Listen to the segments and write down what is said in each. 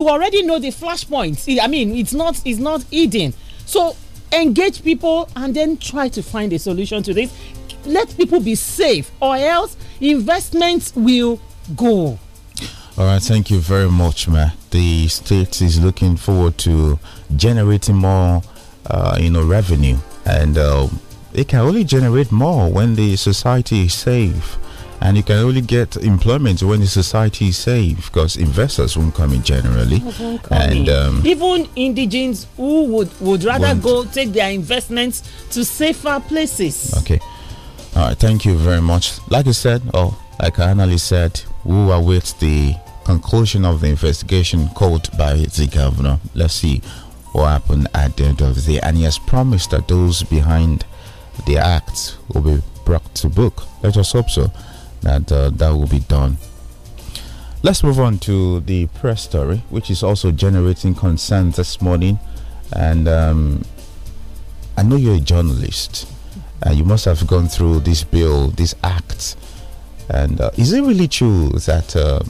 you already know the flashpoints. I mean, it's not it's not hidden. So engage people and then try to find a solution to this. Let people be safe, or else investments will go. All right, thank you very much, ma. The state is looking forward to generating more, uh, you know, revenue, and uh, it can only generate more when the society is safe. And you can only get employment when the society is safe because investors won't come in generally. Come and in. Um, even indigenes who would, would rather go take their investments to safer places. Okay. All right. Thank you very much. Like you said, or like our said, we await the conclusion of the investigation called by the governor. Let's see what happened at the end of the day. And he has promised that those behind the act will be brought to book. Let us hope so that uh, that will be done. Let's move on to the press story, which is also generating concerns this morning. And um, I know you're a journalist, and uh, you must have gone through this bill, this act. And uh, is it really true that um,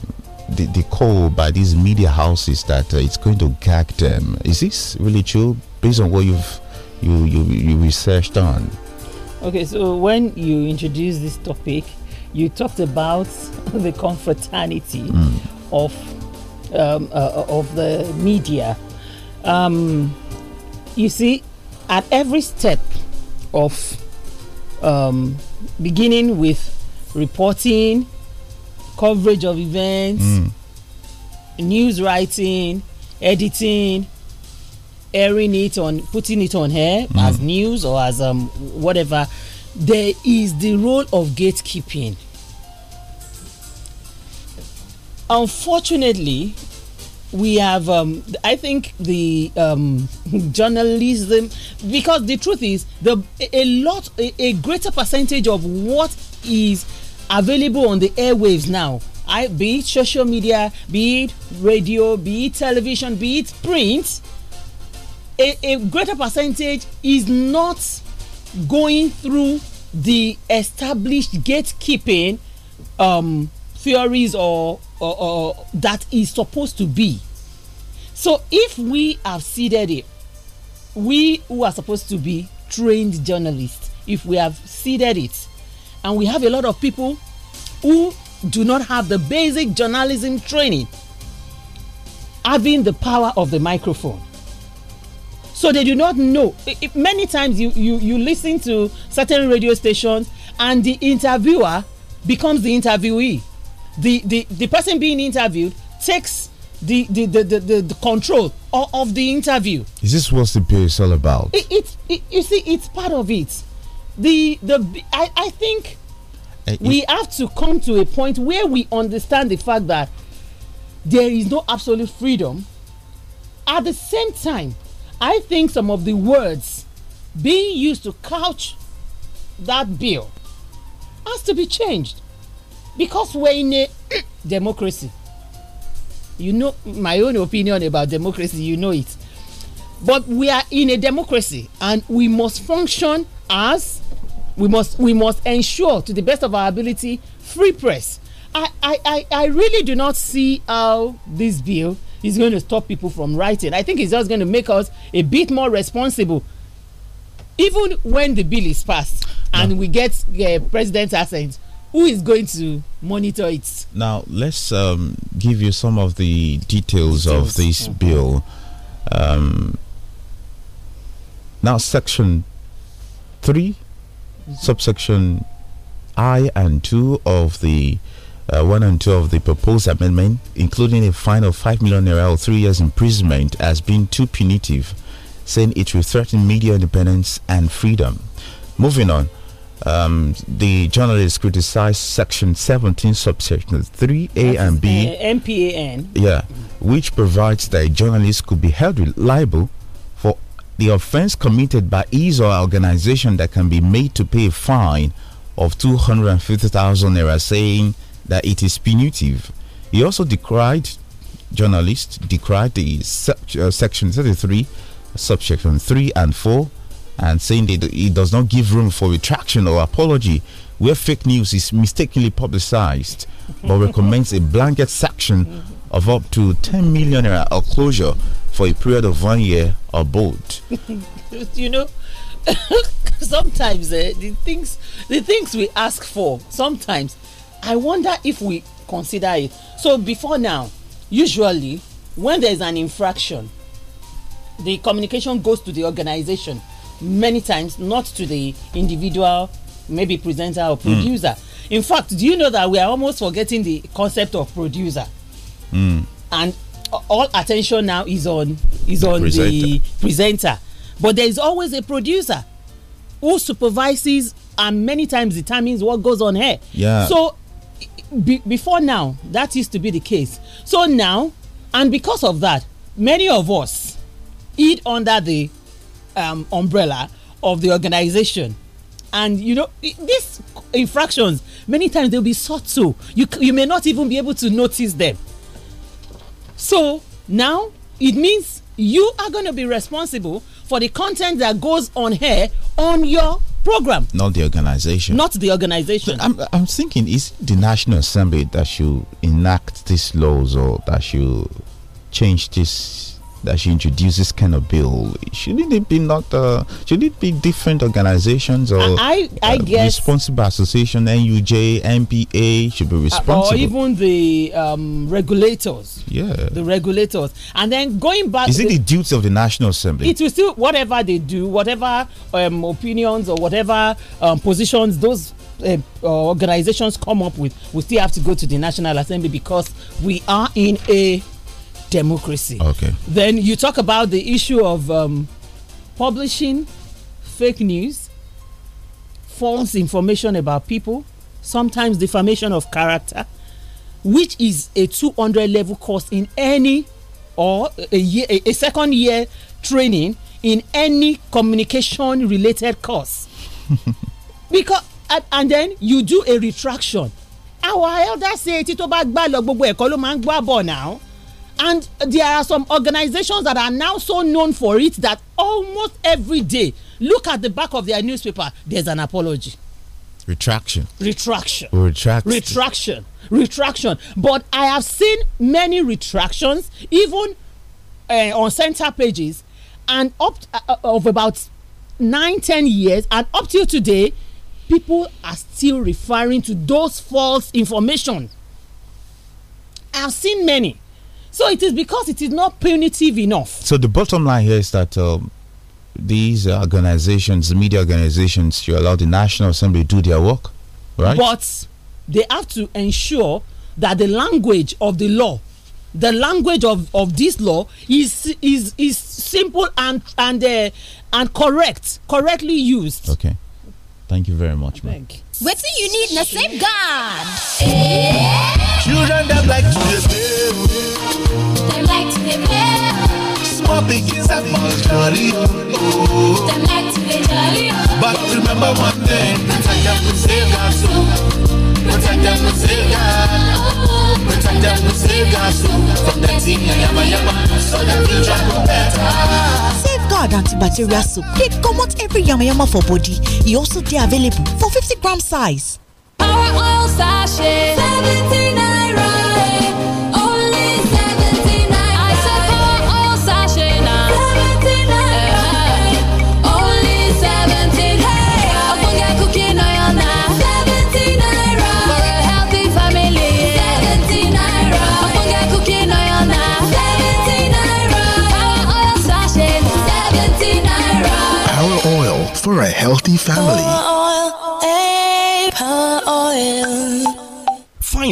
the, the call by these media houses that uh, it's going to gag them? Is this really true based on what you've you you, you researched on? Okay, so when you introduce this topic, you talked about the confraternity mm. of um, uh, of the media. Um, you see, at every step of um, beginning with reporting, coverage of events, mm. news writing, editing, airing it on, putting it on air mm. as news or as um, whatever, there is the role of gatekeeping unfortunately, we have um, i think the um, journalism because the truth is the a lot a, a, greater percentage of what is available on the airwaves now I, be it social media be it radio be it television be it print a, a greater percentage is not going through the established gatekeeping um, theories or or, that is supposed to be. So if we have seeded it, we who are supposed to be trained journalists, if we have seeded it, and we have a lot of people who do not have the basic journalism training, having the power of the microphone. So they do not know. It, it, many times you, you, you listen to certain radio stations and the interviewer becomes the interviewee the the the person being interviewed takes the the the the, the, the control of, of, the interview. Is this what the pay is all about? It, it, it, you see it's part of it. The the I I think uh, we have to come to a point where we understand the fact that there is no absolute freedom. At the same time, I think some of the words being used to couch that bill has to be changed because we're in a democracy you know my own opinion about democracy you know it but we are in a democracy and we must function as we must we must ensure to the best of our ability free press i i i, I really do not see how this bill is going to stop people from writing i think it's just going to make us a bit more responsible even when the bill is passed and we get uh, president's assent who is going to monitor it? Now, let's um, give you some of the details, details. of this okay. bill. Um, now, section 3, mm-hmm. subsection I and 2 of the uh, 1 and 2 of the proposed amendment, including a fine of 5 million naira or 3 years imprisonment, as being too punitive, saying it will threaten media independence and freedom. Moving on, um, the journalist criticized Section 17, subsection 3A and B. Uh, MPAN. Yeah, which provides that a journalist could be held liable for the offense committed by his or organization that can be made to pay a fine of 250,000 naira, saying that it is punitive. He also decried journalists, decried the uh, Section 33, subsection 3 and 4 and saying that it does not give room for retraction or apology where fake news is mistakenly publicized, but recommends a blanket sanction mm-hmm. of up to 10 million naira or closure for a period of one year or both. you know, sometimes eh, the things the things we ask for, sometimes I wonder if we consider it. So before now, usually when there is an infraction, the communication goes to the organization many times not to the individual maybe presenter or producer mm. in fact do you know that we are almost forgetting the concept of producer mm. and all attention now is on is on presenter. the presenter but there is always a producer who supervises and many times determines what goes on here yeah so be, before now that used to be the case so now and because of that many of us eat under the um, umbrella of the organization and you know these infractions many times they'll be subtle you you may not even be able to notice them so now it means you are going to be responsible for the content that goes on here on your program not the organization not the organization I'm, I'm thinking is the national assembly that should enact these laws or that should change this that she introduces kind of bill? should it be not? Uh, should it be different organizations or I, I, I uh, guess responsible association, NUJ, MPA should be uh, responsible, or even the um, regulators. Yeah, the regulators, and then going back. Is it the, the duty of the National Assembly? It will still whatever they do, whatever um, opinions or whatever um, positions those uh, uh organizations come up with, we still have to go to the National Assembly because we are in a democracy. Okay. Then you talk about the issue of um, publishing fake news, false information about people, sometimes defamation of character, which is a 200 level course in any or a, year, a second year training in any communication related course. because and then you do a retraction. Our elders say tí tó gbogbo ẹ̀kọ́ now and there are some organizations that are now so known for it that almost every day look at the back of their newspaper there's an apology retraction retraction retraction, retraction retraction but i have seen many retractions even uh, on center pages and up uh, of about nine ten years and up till today people are still referring to those false information i've seen many so it is because it is not punitive enough. So the bottom line here is that. Um, these organizations, media organizations, you allow the National Assembly to do their work, right? But they have to ensure that the language of the law the language of of this law is is is simple and and uh, and correct correctly used okay thank you very much man wetin you need na God. children dem like to dey they like to dey play o. small pikins and small jolly oh. They like to dey jolly oh. but remember one thing protect them, with safeguard o. protect them, with safeguard. protect them, with safeguard o. from dirty yama yama, so that future will be better. guard antibacterial soap dey comot every yamayama for body It also dey available for 50 gram size. our oil sachet. healthy family.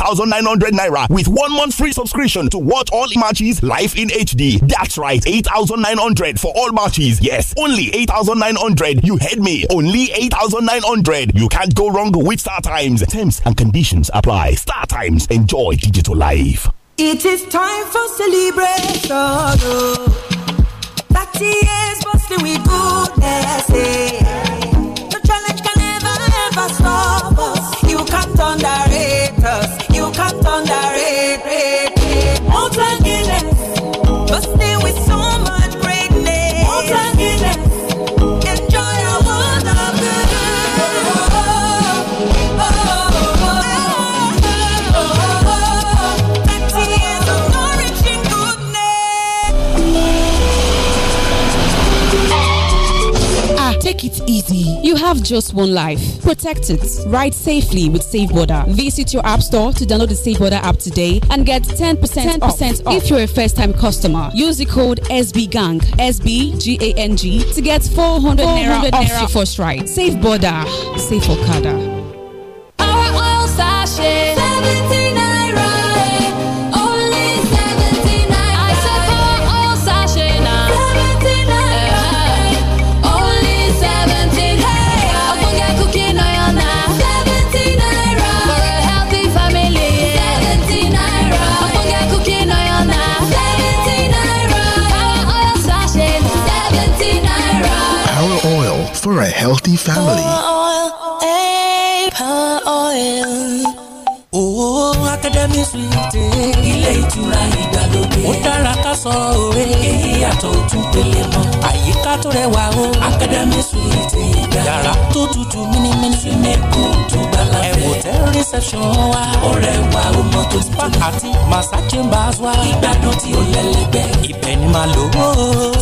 8,900 naira with one month free subscription to watch all matches live in HD. That's right, 8,900 for all matches. Yes, only 8,900. You heard me. Only 8,900. You can't go wrong with Star Times. Terms and conditions apply. Star Times. Enjoy digital life. It is time for celebration. 30 years busting with goodness. Eh. It's it easy. You have just one life. Protect it. Ride safely with Safe Border. Visit your app store to download the Safe Border app today and get 10%, 10% off. off. if you're a first time customer. Use the code SBGANG, SBGANG, to get 400, 400 naira, off your first ride. Safe Border. Safe Okada. Our oil sachet. healthy family. Oh, collection wa. ọ̀rẹ́ wa ó mọ tó ti tó. àti massa chambers wa. ìgbádùn tí ó lẹ́lẹ́gbẹ́. ibẹ̀ ni màá lò ó.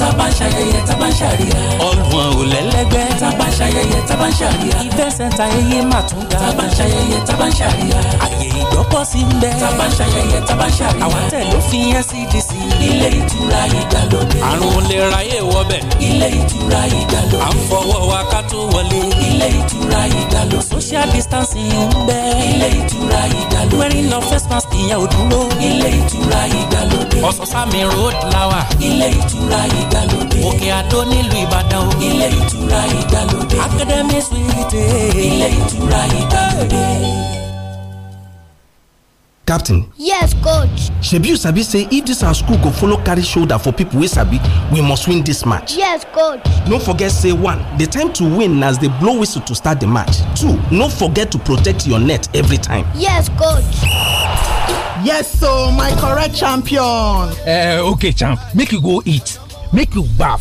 tábà ń ṣayẹyẹ tábà ń ṣàríyá. ọgbọ̀n ò lẹ́lẹ́gbẹ́. tábà ń ṣayẹyẹ tábà ń ṣàríyá. ìfẹ́ sẹ́ńtà eyé máa tún ga. tábà ń ṣayẹyẹ tábà ń ṣàríyá. àyè ìgbọ́pọ̀ sí ń bẹ. tábà ń ṣayẹyẹ tábà ń ṣàríyá. àwọn tẹ̀ ló fi NCDC ilé ìtura ìgbàlódé. àrùn olè ráyè wọbẹ̀. ilé ìtura ìgbàlódé. à ń fọwọ́ wa ká tó wọlé. ilé ìtura ìgbàlódé. social distancing ń bẹ. ilé ìtura ìgbàlódé. wearing no face mask ìyẹn ò dúró. ilé ìtura ìgbàlódé. ọ̀sán-sámi road lawa. ilé ìtura ìgbàlódé. òkè àdó nílùú ìbàdàn o. ilé ìtura ìgbàlódé. academy suite. ilé ìtura ìgbàlódé captain? yes coach shebi you sabi say if dis our school go follow carry shoulder for pipo wey sabi we must win dis match yes coach no forget say one di time to win na as dey blow whistle to start di match two no forget to protect your net every time yes coach yes so my correct champion Uh, okay champ make you go eat make you baff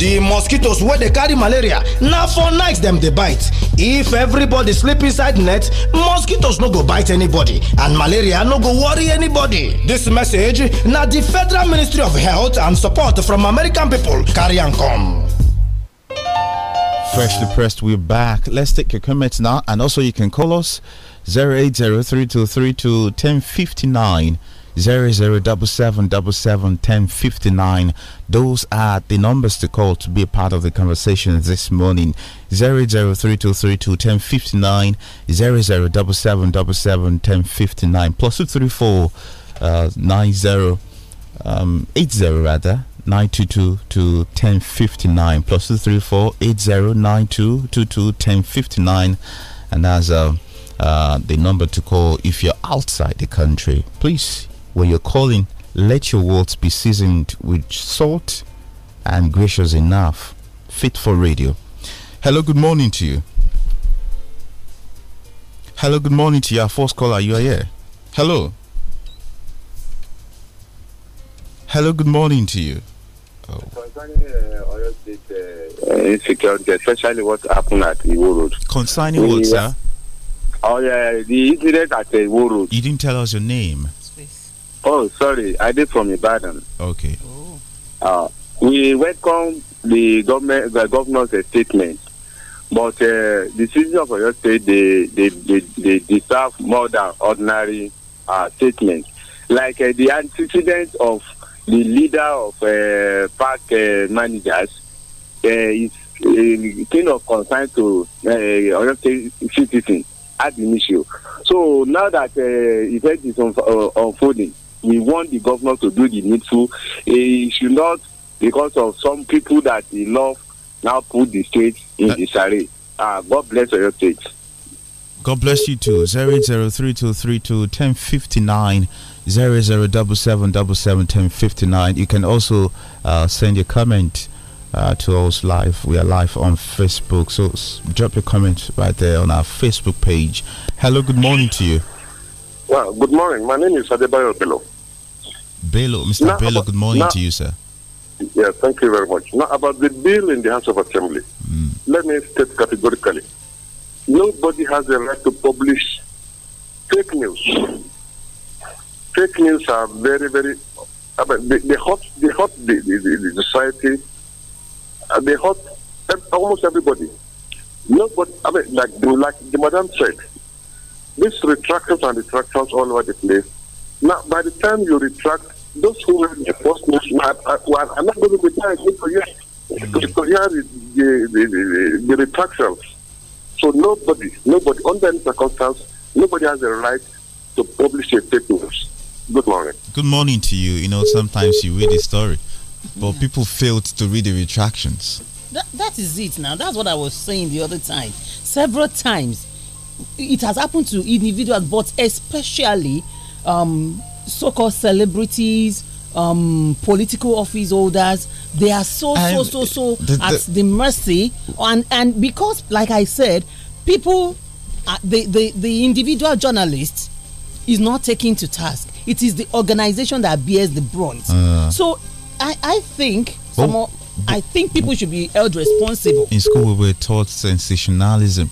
the mosquitoes wey dey carry malaria na for night dem dey bite if everybody sleep inside net mosquitoes no go bite anybody and malaria no go worry anybody dis message na di federal ministry of health and support from american pipo carry am come. Freshly pressed, we're back. Let's take your comments now, and also you can call us 0803232 1059. Zero zero double seven double seven ten fifty nine. Those are the numbers to call to be a part of the conversation this morning. Zero zero three two three two ten fifty nine. Zero zero double seven double seven ten fifty 234 uh, 90, um, 80 rather. 922 to 1059 plus 234 and as uh, uh, the number to call if you're outside the country please when you're calling, let your words be seasoned with salt and gracious enough, fit for radio. Hello, good morning to you. Hello, good morning to your first caller, you are here. Hello. Hello, good morning to you. Concerning uh, this uh, insecurity, especially what happened at Iwo Road. Concerning what, sir? Oh, yeah, the incident at Iwo Road. You didn't tell us your name. Oh, sorry, I did from Ibadan. Okay. Oh. Uh, we welcome the government, the governor's statement, but uh, the citizens of Oyo State they they, they they deserve more than ordinary uh, like uh, the antecedents of the leader of uh, park uh, managers uh, is a uh, thing of concern to Oyo State citizens at the issue. So now that uh, event is unfolding we want the government to do the needful. He should not, because of some people that he love, now put the state in disarray. Uh, ah, God bless your state. God bless you too. 08032321059 You can also uh, send your comment uh, to us live. We are live on Facebook. So drop your comment right there on our Facebook page. Hello, good morning to you. Well, good morning. My name is Adebayo Bello. Bello, Mr. Now, Bello, good morning now, to you, sir. Yeah, thank you very much. Now, about the bill in the House of Assembly, mm. let me state categorically nobody has the right to publish fake news. Fake news are very, very. I mean, they, they hurt, they hurt the, the, the society, uh, they hurt almost everybody. Nobody, I mean, like, like the madam said, these retractors and retractions all over the place. Now, by the time you retract, those who were the first news, are, are, are not going to be there again for you. Because here mm. the, the, the, the retractions. So nobody, nobody, under any circumstance, nobody has the right to publish a fake news. Good morning. Good morning to you. You know, sometimes you read the story, but yeah. people failed to read the retractions. That, that is it now. That's what I was saying the other time. Several times it has happened to individuals, but especially um, so-called celebrities, um, political office holders. They are so so so so the, at the mercy, and and because, like I said, people, uh, the the the individual journalist is not taken to task. It is the organization that bears the brunt. Uh, so, I I think. Well, oh. some, I think people should be held responsible. In school, we were taught sensationalism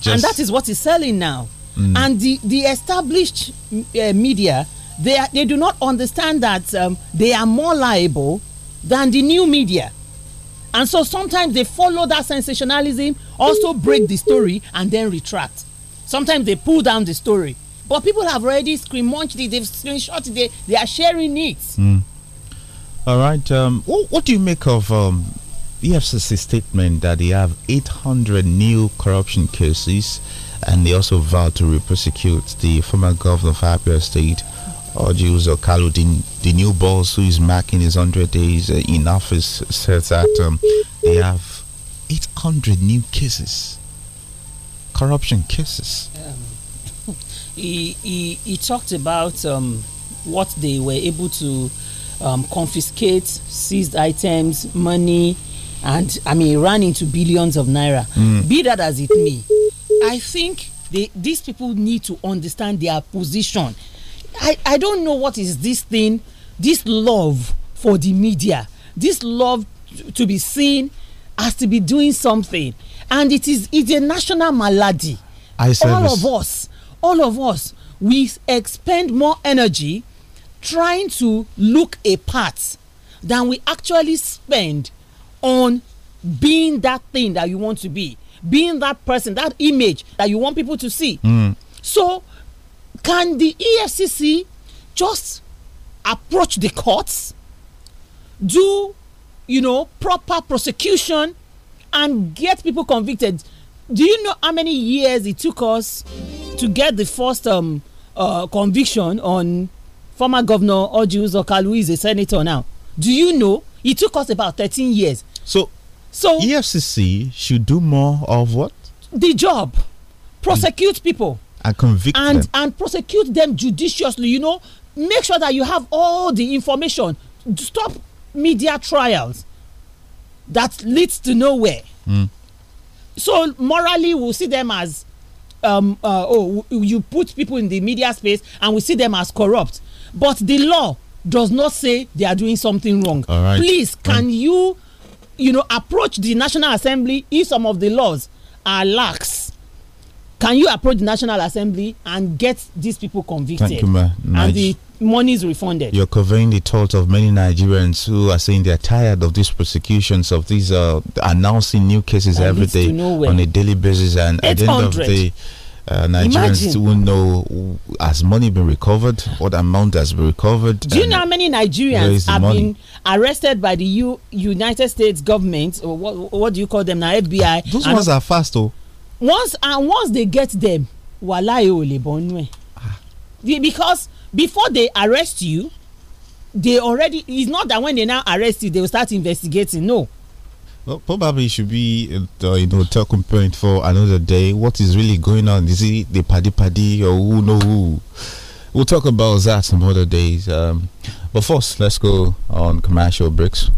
just and that is what is selling now. Mm. And the the established uh, media, they are, they do not understand that um, they are more liable than the new media. And so sometimes they follow that sensationalism, also break the story, and then retract. Sometimes they pull down the story. But people have already screen munched it, they've screenshot it, they, they are sharing it. Mm. All right. Um, what, what, do you make of um, the FCC statement that they have 800 new corruption cases and they also vowed to prosecute the former governor of Abia State, Orjius Okalu, the, the new boss who is marking his 100 days uh, in office, says that um, they have 800 new cases, corruption cases. Um, he, he, he talked about um, what they were able to um, confiscate, seized items, money and I mean ran into billions of naira. Mm. Be that as it may, I think they, these people need to understand their position. I, I don't know what is this thing, this love for the media, this love to be seen as to be doing something. And it is it's a national malady. I all this. of us, all of us, we expend more energy trying to look a part than we actually spend on being that thing that you want to be, being that person, that image that you want people to see. Mm. So, can the EFCC just approach the courts, do, you know, proper prosecution, and get people convicted? Do you know how many years it took us to get the first um, uh, conviction on former governor Ojus Kaluiz, a senator now? Do you know? It took us about 13 years so, so EFCC should do more of what? The job. Prosecute mm. people. And convict and, them. And prosecute them judiciously, you know. Make sure that you have all the information. Stop media trials that leads to nowhere. Mm. So morally, we'll see them as um, uh, oh, you put people in the media space and we see them as corrupt. But the law does not say they are doing something wrong. All right. Please, can you you know, approach the National Assembly if some of the laws are lax. Can you approach the National Assembly and get these people convicted? Thank you, ma. And the money is refunded. You're covering the thoughts of many Nigerians who are saying they're tired of these prosecutions, of these uh, announcing new cases every day on a daily basis. And at the end of the uh, Nigerians Imagine. don't know has money been recovered, what amount has been recovered. Do you know how many Nigerians have money? been arrested by the U United States government, or what, what do you call them now, FBI? Those ones are fast, though. Once and once they get them, ah. Because before they arrest you, they already it's not that when they now arrest you, they will start investigating. No, well, probably should be uh, you know talking point for another day. What is really going on? Is it the paddy paddy or who know who? We'll talk about that some other days. Um, but first, let's go on commercial breaks.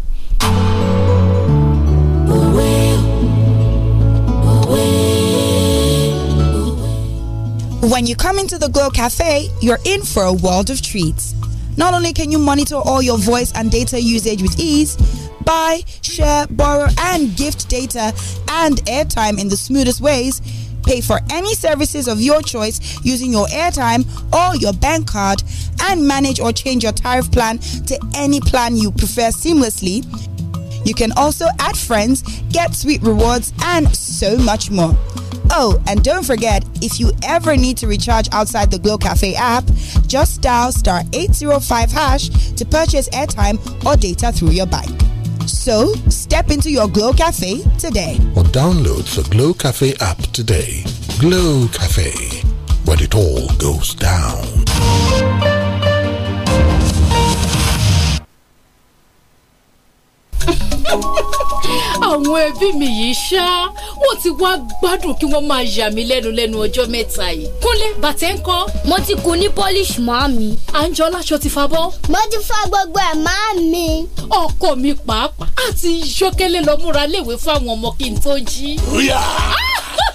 When you come into the Glow Cafe, you're in for a world of treats. Not only can you monitor all your voice and data usage with ease, buy, share, borrow, and gift data and airtime in the smoothest ways. Pay for any services of your choice using your airtime or your bank card and manage or change your tariff plan to any plan you prefer seamlessly. You can also add friends, get sweet rewards, and so much more. Oh, and don't forget, if you ever need to recharge outside the Glow Cafe app, just dial star 805 hash to purchase airtime or data through your bike. So, step into your Glow Cafe today. Or download the Glow Cafe app today. Glow Cafe, where it all goes down. àwọn ẹbí mi yìí ṣá wọ́n ti wá gbádùn kí wọ́n máa yà mí lẹ́nu lẹ́nu ọjọ́ mẹ́ta yìí. kúnlẹ̀ bàtẹ́ ń kọ́. mo ti kun ní polish máa mi. àǹjọ láṣọ ti fa bọ́. mo ti fa gbogbo ẹ̀ máa mi. ọkọ mi pàápàá àti yọkẹlẹ lọ múra léwe fún àwọn ọmọ kí n tó jí. ríà.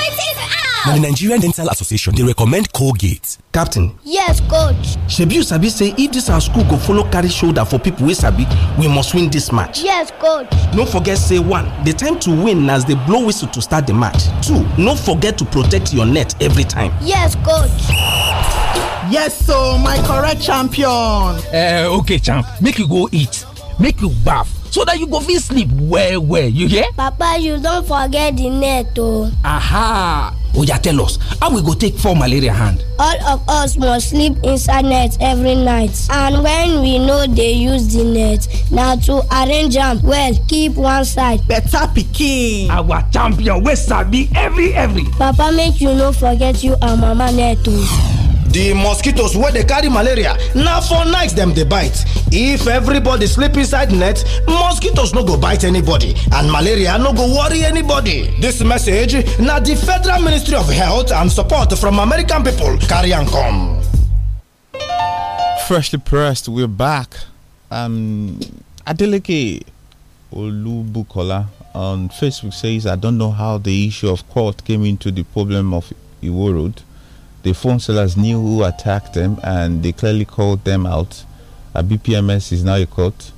na the nigerian dental association dey recommend colgate captain yes coach shebi you sabi say if dis our school go follow carry shoulder for pipo wey sabi we must win dis match yes coach no forget say one the time to win na as they blow whistle to start the match two no forget to protect your net every time yes coach yes so my correct champion eh okay champ make you go eat make you baff so that you go fit sleep well well you hear papa you don forget the net o oh. aha oya oh, tell us how we go take fall malaria hand. all of us must sleep inside net every night and when we no dey use the net na to arrange am well keep one side. better pikin. our champion wey sabi every every. papa make you no forget you and mama net o. the mosquitoes wey dey carry malaria na for night dem dey bite if everybody sleep inside net mosquitoes no go bite anybody and malaria no go worry anybody dis message na di federal ministry of health and support from american pipo carry am come. freshly pressed we're back um adeleke olubukola on facebook says i don't know how the issue of court came into the problem of iwo road the phone sellers knew who attacked them and they clearly called them out. A BPMS is now a court,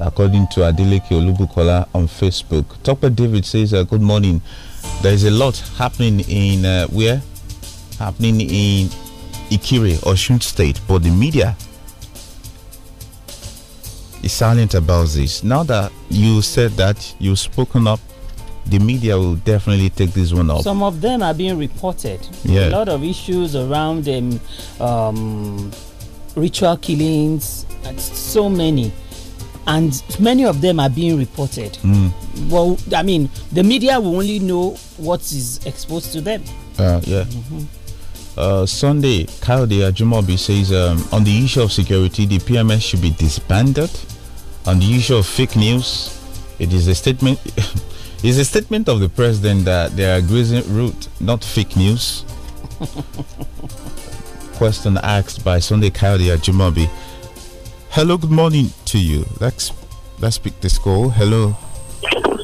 according to Adeleke Olubukola on Facebook. Topper David says, uh, Good morning. There is a lot happening in uh, where? Happening in Ikire, Oshun State, but the media is silent about this. Now that you said that, you've spoken up the media will definitely take this one up. Some of them are being reported. Yeah. A lot of issues around um, ritual killings, and so many. And many of them are being reported. Mm. Well, I mean, the media will only know what is exposed to them. Uh, yeah. Mm -hmm. Uh, Sunday, Kayode Ajumobi says um, on the issue of security, the PMS should be disbanded. On the issue of fake news, it is a statement. It's a statement of the president that they are grazing root, not fake news. Question asked by Sunday Coyote at Jumabi. Hello, good morning to you. Let's let's pick this call. Hello.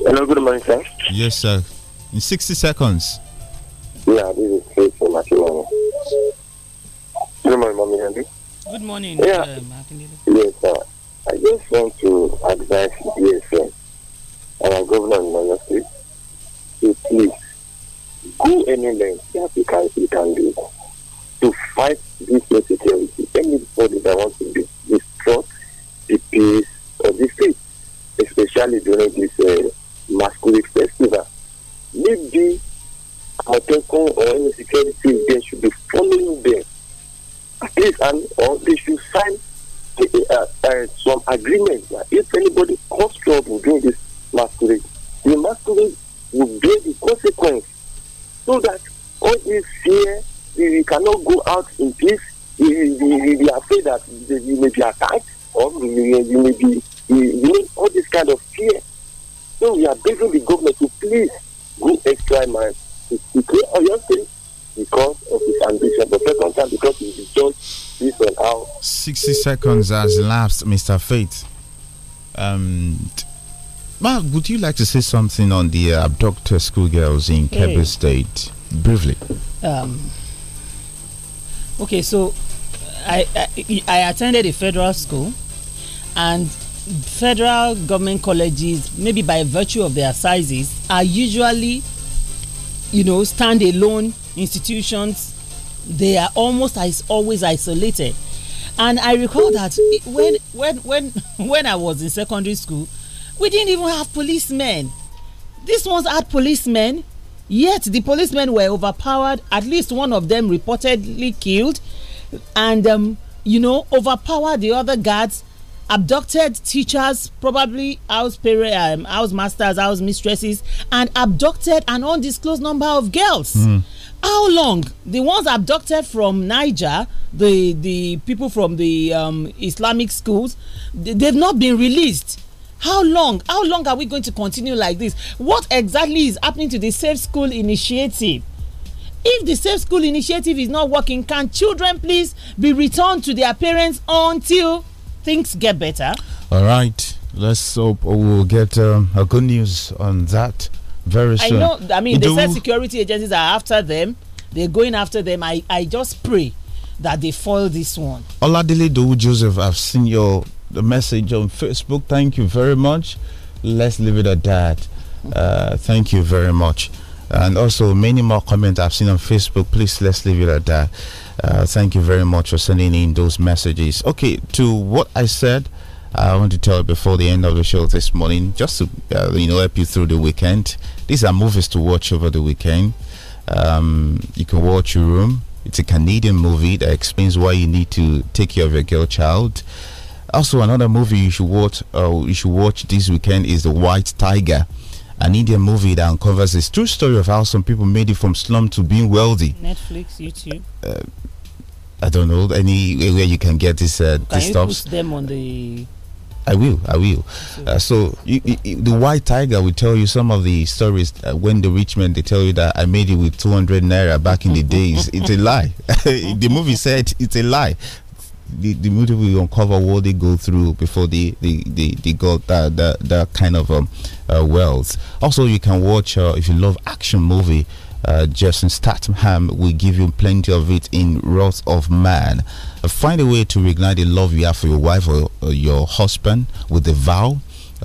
Hello, good morning, sir. Yes, sir. In 60 seconds. Yeah, this is Faith from Makiwani. Good morning, Mommy Good morning, yeah. Um, yes, sir. I just want to advise DSM our governor in Niger State, to please go any length that you can, you can do to fight this insecurity. Anybody that wants to destroy the peace of the state, especially during this uh, masquerade festival, maybe Moteco or any security there should be following them at least, and or they should sign uh, uh, some agreement that if anybody cause trouble during this cannot go out in peace. You, you, be are afraid that you may be attacked or you, may be you, need all this kind of fear. So we are begging the government to please go extra mile to, to clear your State because of his ambition, but second time because he is just this and how. Sixty seconds has elapsed, Mr. Faith. Um. Mark, would you like to say something on the uh, abductor schoolgirls in hey. Kebbi State briefly? Um, okay, so I, I, I attended a federal school, and federal government colleges, maybe by virtue of their sizes, are usually, you know, standalone institutions. They are almost as always isolated, and I recall that when when when when I was in secondary school, we didn't even have policemen. These ones had policemen Yet the policemen were overpowered, at least one of them reportedly killed, and, um, you know, overpowered the other guards, abducted teachers, probably house parents, um, house masters, house mistresses, and abducted an undisclosed number of girls. Mm. How long? The ones abducted from Niger, the, the people from the um, Islamic schools, they've not been released how long how long are we going to continue like this what exactly is happening to the safe school initiative if the safe school initiative is not working can children please be returned to their parents until things get better all right let's hope we'll get um, a good news on that very soon i know i mean the security agencies are after them they're going after them i i just pray that they foil this one oladele dowu joseph i've seen your the message on Facebook. Thank you very much. Let's leave it at that. Uh, thank you very much. And also, many more comments I've seen on Facebook. Please, let's leave it at that. Uh, thank you very much for sending in those messages. Okay, to what I said, I want to tell you before the end of the show this morning, just to uh, you know help you through the weekend. These are movies to watch over the weekend. Um, you can watch Your Room. It's a Canadian movie that explains why you need to take care of your girl child. Also, another movie you should watch uh, you should watch this weekend is The White Tiger, an Indian movie that uncovers a true story of how some people made it from slum to being wealthy. Netflix, YouTube. Uh, I don't know any where you can get this uh, can this you stops. Put them on the. I will, I will. Uh, so you, you, the white tiger will tell you some of the stories uh, when the rich men they tell you that I made it with 200 naira back in the days. it's a lie. the movie said it's a lie the, movie will uncover what they go through before they, they, they, they got that, that, that kind of um, uh, wealth. Also, you can watch, uh, if you love action movie, uh, Justin Statham will give you plenty of it in Wrath of Man. Uh, find a way to reignite the love you have for your wife or, or your husband with the vow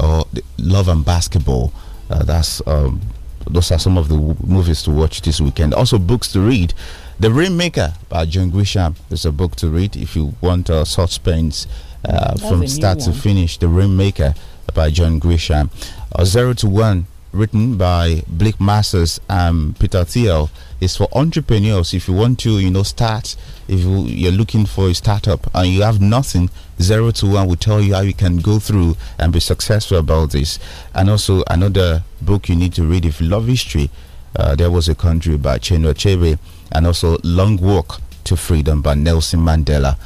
or the love and basketball. Uh, that's um, Those are some of the movies to watch this weekend. Also, books to read. The Rainmaker by John Grisham is a book to read if you want a suspense uh, from start to finish. The Rainmaker by John Grisham. A Zero to One, written by Blake Masters and Peter Thiel, is for entrepreneurs. If you want to, you know, start, if you, are looking for a startup and you have nothing, Zero to One will tell you how you can go through and be successful about this. And also, another book you need to read if you love history. Uh, there was a country by Chinua Achebe and also Long Walk to Freedom by Nelson Mandela.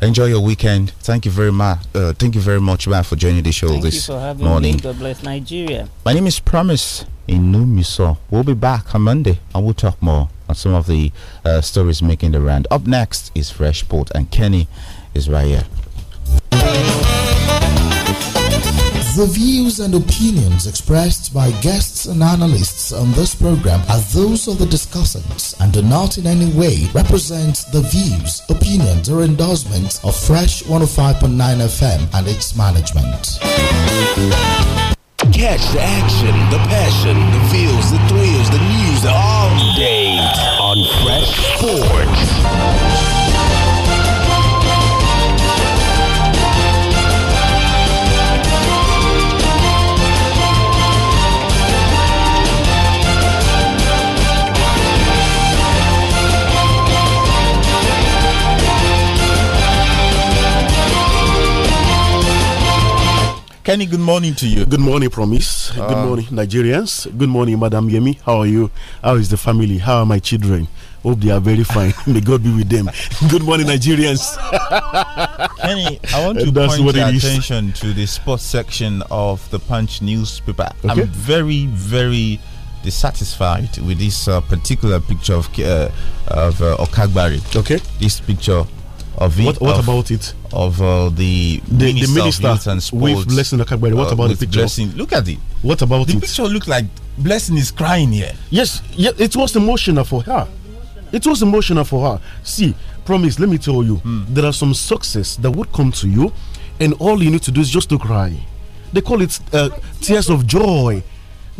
Enjoy your weekend. Thank you very much. Uh, thank you very much, man, for joining the show thank this morning. Me. God bless Nigeria. My name is Promise Inumiso. We'll be back on Monday and we'll talk more on some of the uh, stories making the round. Up next is Fresh Port and Kenny is right here. The views and opinions expressed by guests and analysts on this program are those of the discussants and do not in any way represent the views, opinions, or endorsements of Fresh 105.9 FM and its management. Catch the action, the passion, the feels, the thrills, the news all day on Fresh Sports. Kenny, good morning to you. Good morning, Promise. Uh, good morning, Nigerians. Good morning, Madam Yemi. How are you? How is the family? How are my children? Hope they are very fine. May God be with them. Good morning, Nigerians. Kenny, I want to That's point your attention is. to the sports section of the Punch newspaper. Okay. I'm very, very dissatisfied with this uh, particular picture of uh, of uh, Okagbari. Okay. This picture of the, what, what of, about it of uh, the, the minister, the minister of and sports, with blessing Akagbari. What uh, about the picture? Blessing, look at it. What about the it? picture Look like blessing is crying here. Yes, yeah, it was emotional for her. It was emotional for her. See, promise. Let me tell you, mm. there are some success that would come to you, and all you need to do is just to cry. They call it uh, tears of joy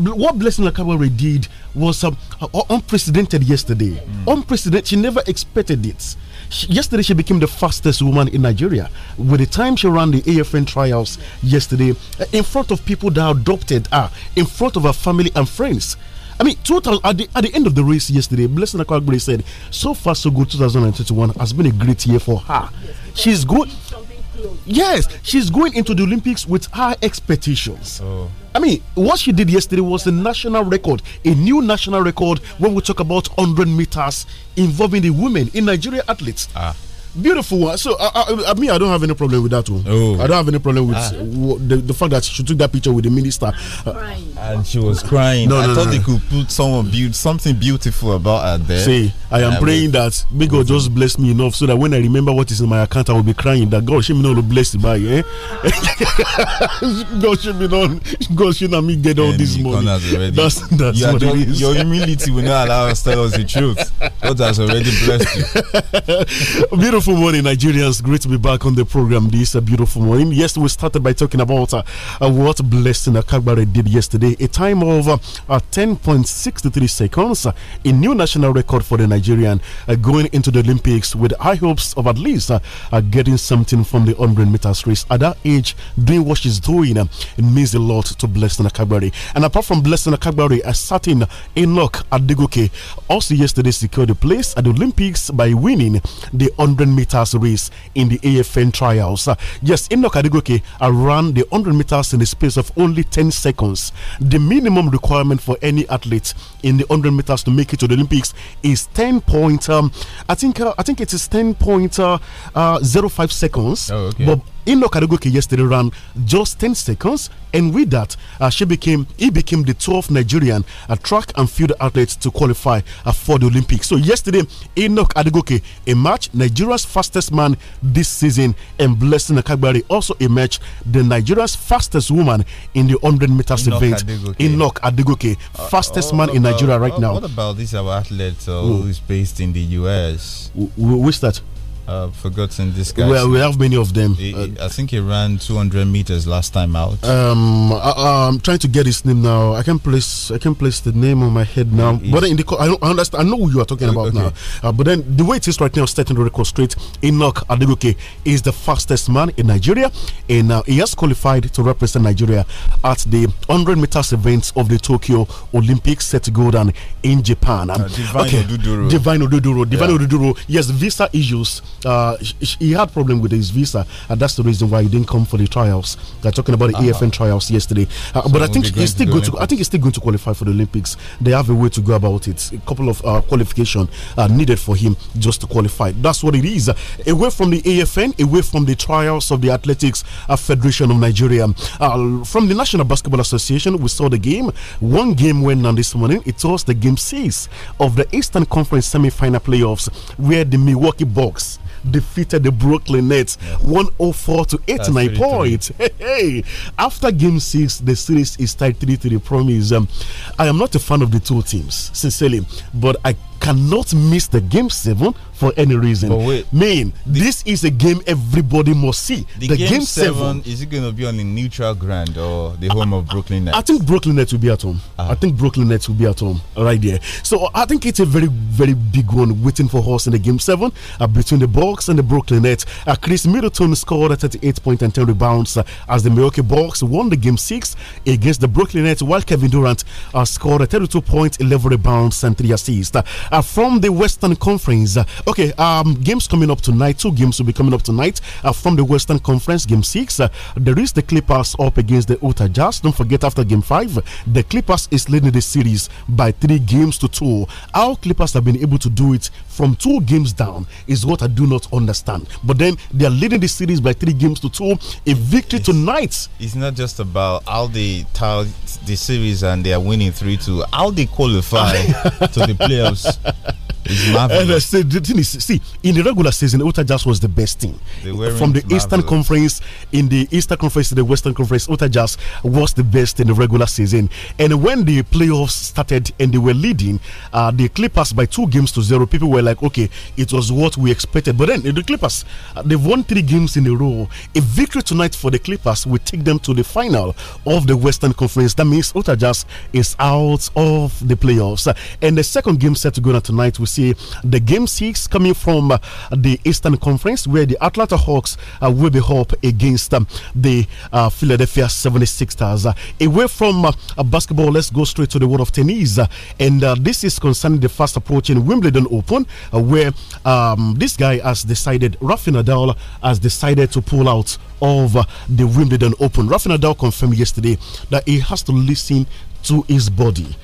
what Blessing Lakabare did was um, uh, unprecedented yesterday. Mm. Unprecedented. She never expected it. She, yesterday, she became the fastest woman in Nigeria with the time she ran the AFN trials yesterday uh, in front of people that adopted her, in front of her family and friends. I mean, total at the at the end of the race yesterday, Blessing Akwagbere said, "So far, so good. 2021 has been a great year for her. She's good. Yes, she's going into the Olympics with high expectations. Oh. I mean, what she did yesterday was a national record, a new national record when we talk about 100 meters involving the women in Nigeria athletes. Ah. Beautiful one. So I, I, I, mean, I don't have any problem with that one. Oh. I don't have any problem with ah. the, the fact that she took that picture with the minister. Uh, and she was crying. No, no I no, thought no. they could put someone something beautiful about her there. See, I am praying that may God just bless me enough so that when I remember what is in my account, I will be crying that God should be not bless by eh? God should be not God should not me get all this money. That's that's it is. Your humility will not allow us to tell us the truth. God has already blessed you. Beautiful beautiful morning, Nigerians. Great to be back on the program. This is uh, a beautiful morning. Yes, we started by talking about uh, uh, what blessing Akagbare did yesterday. A time of uh, uh 10.63 seconds, uh, a new national record for the Nigerian going into the Olympics with high hopes of at least getting something from the 100 meters race. At that age, doing what she's doing, it means a lot to blessing Akagbare. And apart from blessing Akagbare, a certain Enoch Adigoke also yesterday secured a place at the Olympics by winning the 100 100 meters race in the AFN trials. Uh, yes, Imno Kadigoke uh, ran the 100 meters in the space of only 10 seconds. The minimum requirement for any athlete in the 100 meters to make it to the Olympics is 10 point. Um, I think uh, I think it is 10.05 uh, uh seconds. Oh, okay. But Enoch Adegoke yesterday ran just 10 seconds, and with that, uh, she became he became the 12th Nigerian uh, track and field athlete to qualify uh, for the Olympics. So yesterday, Enoch Adegoke emerged Nigeria's fastest man this season, and Blessing Akagbari also emerged the Nigeria's fastest woman in the 100 meters Enoch event. Adegoke. Enoch Adegoke, fastest uh, man in Nigeria right now. What about this our athlete uh, who is based in the US? W which that? forgotten this guy. Well, we have many of them. He, uh, I think he ran 200 meters last time out. Um, I, am trying to get his name now. I can place I can place the name on my head now. He, but in the I don't I understand. I know who you are talking oh, about okay. now. Uh, but then the way it is right now, starting to record straight, Enoch Adegoke is the fastest man in Nigeria, and now uh, he has qualified to represent Nigeria at the 100 meters events of the Tokyo Olympics set to go down in Japan. Um, Divine okay. Oduduro. Divine Oduduro. Divine yeah. Oduduro. Yes, visa issues uh, he had problem with his visa, and that's the reason why he didn't come for the trials. They're talking about the uh -huh. Ah. AFN trials yesterday, uh, so but I think he's still going to. I think he's still going to qualify for the Olympics. They have a way to go about it. A couple of uh, qualification uh, needed for him just to qualify. That's what it is. Uh, away from the AFN, away from the trials of the Athletics Federation of Nigeria, from the National Basketball Association, we saw the game. One game went on this morning. It was the game six of the Eastern Conference semi-final playoffs, where the Milwaukee Bucks defeated the Brooklyn Nets 104 to 89 points. Hey, hey, after game six, the series is tied 3 3. Promise. Um, I am not a fan of the two teams, sincerely, but I cannot miss the game seven for any reason. But wait, mean the, this is a game everybody must see. The, the game, game seven, seven, is it going to be on a neutral ground or the home I, of Brooklyn Nets? I think Brooklyn Nets will be at home. Ah. I think Brooklyn Nets will be at home right there. So I think it's a very very big one waiting for us in the game seven uh, between the Bucks and the Brooklyn Nets. Uh, Chris Middleton scored at 38 points and 10 rebounds uh, as the Milwaukee Bucks won the game six against the Brooklyn Nets, while Kevin Durant uh, scored 32 points, 11 rebounds, and three assists. Uh, from the Western Conference. Uh, Okay, um, games coming up tonight. Two games will be coming up tonight uh, from the Western Conference. Game six, uh, there is the Clippers up against the Utah Jazz. Don't forget, after game five, the Clippers is leading the series by three games to two. How Clippers have been able to do it from two games down is what I do not understand. But then they are leading the series by three games to two. A victory it's, tonight. It's not just about how they tell the series and they are winning three two. How they qualify to the playoffs. Eh, eh, see, the thing is, see, in the regular season, Utah Jazz was the best team. From the marvelous. Eastern Conference, in the Eastern Conference to the Western Conference, Utah Jazz was the best in the regular season. And when the playoffs started and they were leading, uh, the Clippers by two games to zero, people were like, okay, it was what we expected. But then the Clippers, uh, they've won three games in a row. A victory tonight for the Clippers will take them to the final of the Western Conference. That means Utah Jazz is out of the playoffs. And the second game set to go on tonight will see the game six coming from uh, the Eastern Conference, where the Atlanta Hawks uh, will be up against um, the uh, Philadelphia 76ers. away from basketball, let's go straight to the world of tennis. and this is concerning the fast approaching Wimbledon Open, where um, this guy has decided, Rafael Nadal has decided to pull out of uh, the Wimbledon Open. Rafael Nadal confirmed yesterday that he has to listen to his body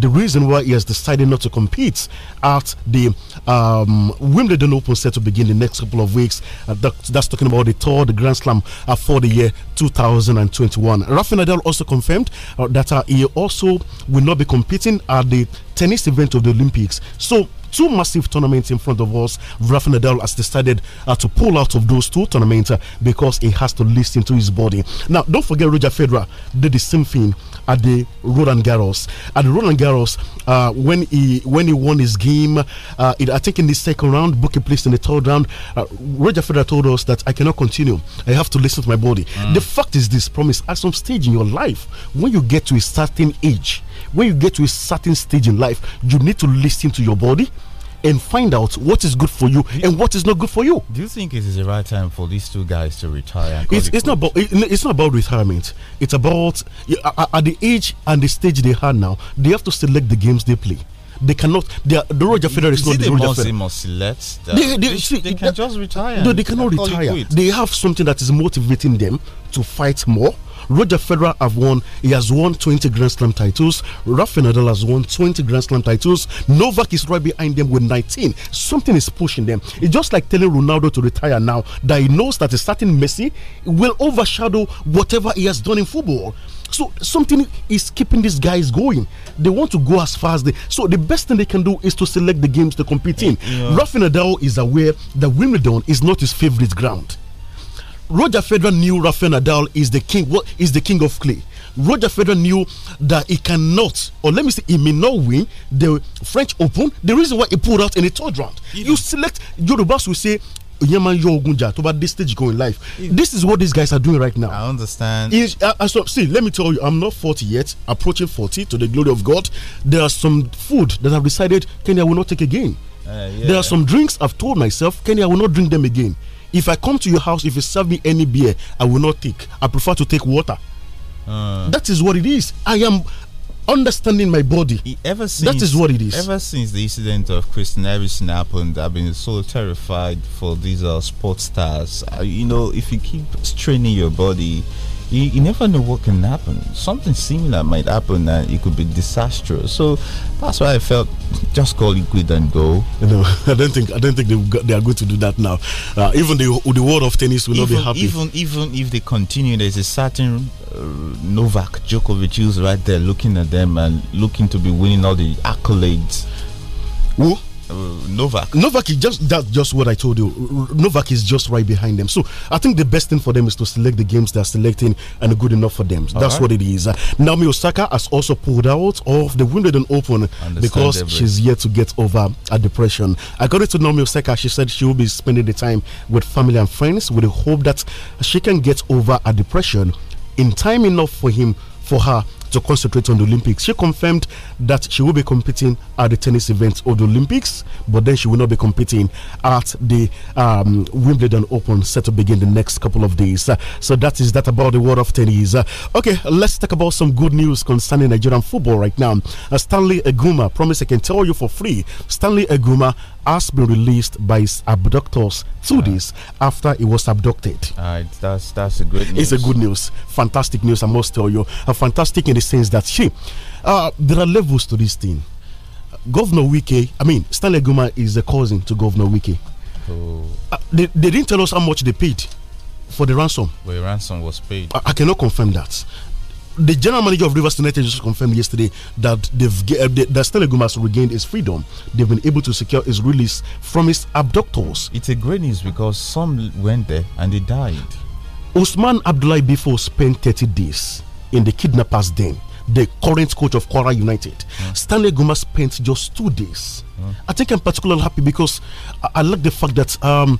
the reason why he has decided not to compete at the um, Wimbledon Open set to begin the next couple of weeks. Uh, that, that's talking about the tour, the Grand Slam uh, for the year 2021. Rafael Nadal also confirmed uh, that uh, he also will not be competing at the tennis event of the Olympics. So two massive tournaments in front of us. Rafael Nadal has decided uh, to pull out of those two tournaments uh, because he has to listen to his body. Now, don't forget Roger Federer did the same thing at the Roland Garros. At the Roland Garros, uh, when he when he won his game, uh, it, I think in the second round, book a place in the third round. Uh, Roger Federer told us that I cannot continue. I have to listen to my body. Mm. The fact is this: promise at some stage in your life, when you get to a certain age, when you get to a certain stage in life, you need to listen to your body and find out what is good for you and what is not good for you. Do you think it is the right time for these two guys to retire? It's, it's not about it, it's not about retirement. It's about at the age and the stage they are now, they have to select the games they play they cannot. They are, the Roger Federer is, is not the Roger Federer. They must select. They, they, they, they can just retire. No, they cannot retire. They have something that is motivating them to fight more Roger Federer have won. He has won 20 Grand Slam titles. Rafa Nadal has won 20 Grand Slam titles. Novak is right behind them with 19. Something is pushing them. It's just like telling Ronaldo to retire now that he knows that a certain Messi will overshadow whatever he has done in football. So something is keeping these guys going. They want to go as far as they. So the best thing they can do is to select the games to compete in. Yeah. Rafa Nadal is aware that Wimbledon is not his favorite ground. Roger Federer knew Rafael Nadal is the king. What is the king of clay? Roger Federer knew that he cannot, or let me say, he may not win the French Open. The reason why he pulled out in the third round. Yeah. You select boss will say ìyẹn máa yọ ogun tó bá this stage going life this is what these guys are doing right now. I understand. Is, uh, uh, so, see let me tell you I'm not forty yet approaching forty to the glory of God there are some food that I've decided Kenya will not take again. Uh, yeah. There are some drinks I've told myself Kenya will not drink them again. If I come to your house, if you serve me any beer, I will not take. I prefer to take water. Uh, that is what it is. I am understanding my body. Ever since that is what it is. Ever since the incident of Christian Eriksen happened, I've been so terrified for these uh, sports stars. Uh, you know, if you keep straining your body, you, you never know what can happen. Something similar might happen and it could be disastrous. So that's why I felt just call it quit and go. No, I don't think I don't think got, they, are going to do that now. Uh, even the the world of tennis will even, not be happy. Even even if they continue, there's a certain uh, Novak Djokovic who's right there looking at them and looking to be winning all the accolades. Who? Uh, Novak. Novak is just that's just what I told you. Novak is just right behind them. So I think the best thing for them is to select the games they're selecting and good enough for them. that's right. what it is. Uh, Naomi Osaka has also pulled out of the Wimbledon Open because she's yet to get over a depression. According to Naomi Osaka, she said she will be spending the time with family and friends with the hope that she can get over a depression in time enough for him for her to concentrate on the Olympics. She confirmed that she will be competing at the tennis event of the Olympics, but then she will not be competing at the um, Wimbledon Open set to begin the next couple of days. Uh, so that is that about the world of tennis. Uh, okay, let's talk about some good news concerning Nigerian football right now. Uh, Stanley Aguma, promise I can tell you for free. Stanley Aguma has been released by his abductors two uh, days after he was abducted. Uh, that's that's a good news. It's a good news. Fantastic news, I must tell you. Uh, fantastic in the sense that she, uh, there are levels to this thing. Governor Wike, I mean, Stanley Guma is the cousin to Governor Wike. Oh. they, they didn't tell us how much they paid for the ransom. Well, the ransom was paid. I, I cannot confirm that the general manager of Rivers United just confirmed yesterday that they've uh, they, that Stanley has regained his freedom. They've been able to secure his release from his abductors. It's a great news because some went there and they died. Usman Abdullah Bifo spent 30 days in the kidnappers' den. The current coach of Kora United, mm. Stanley Guma, spent just two days. Mm. I think I'm particularly happy because I, I like the fact that um,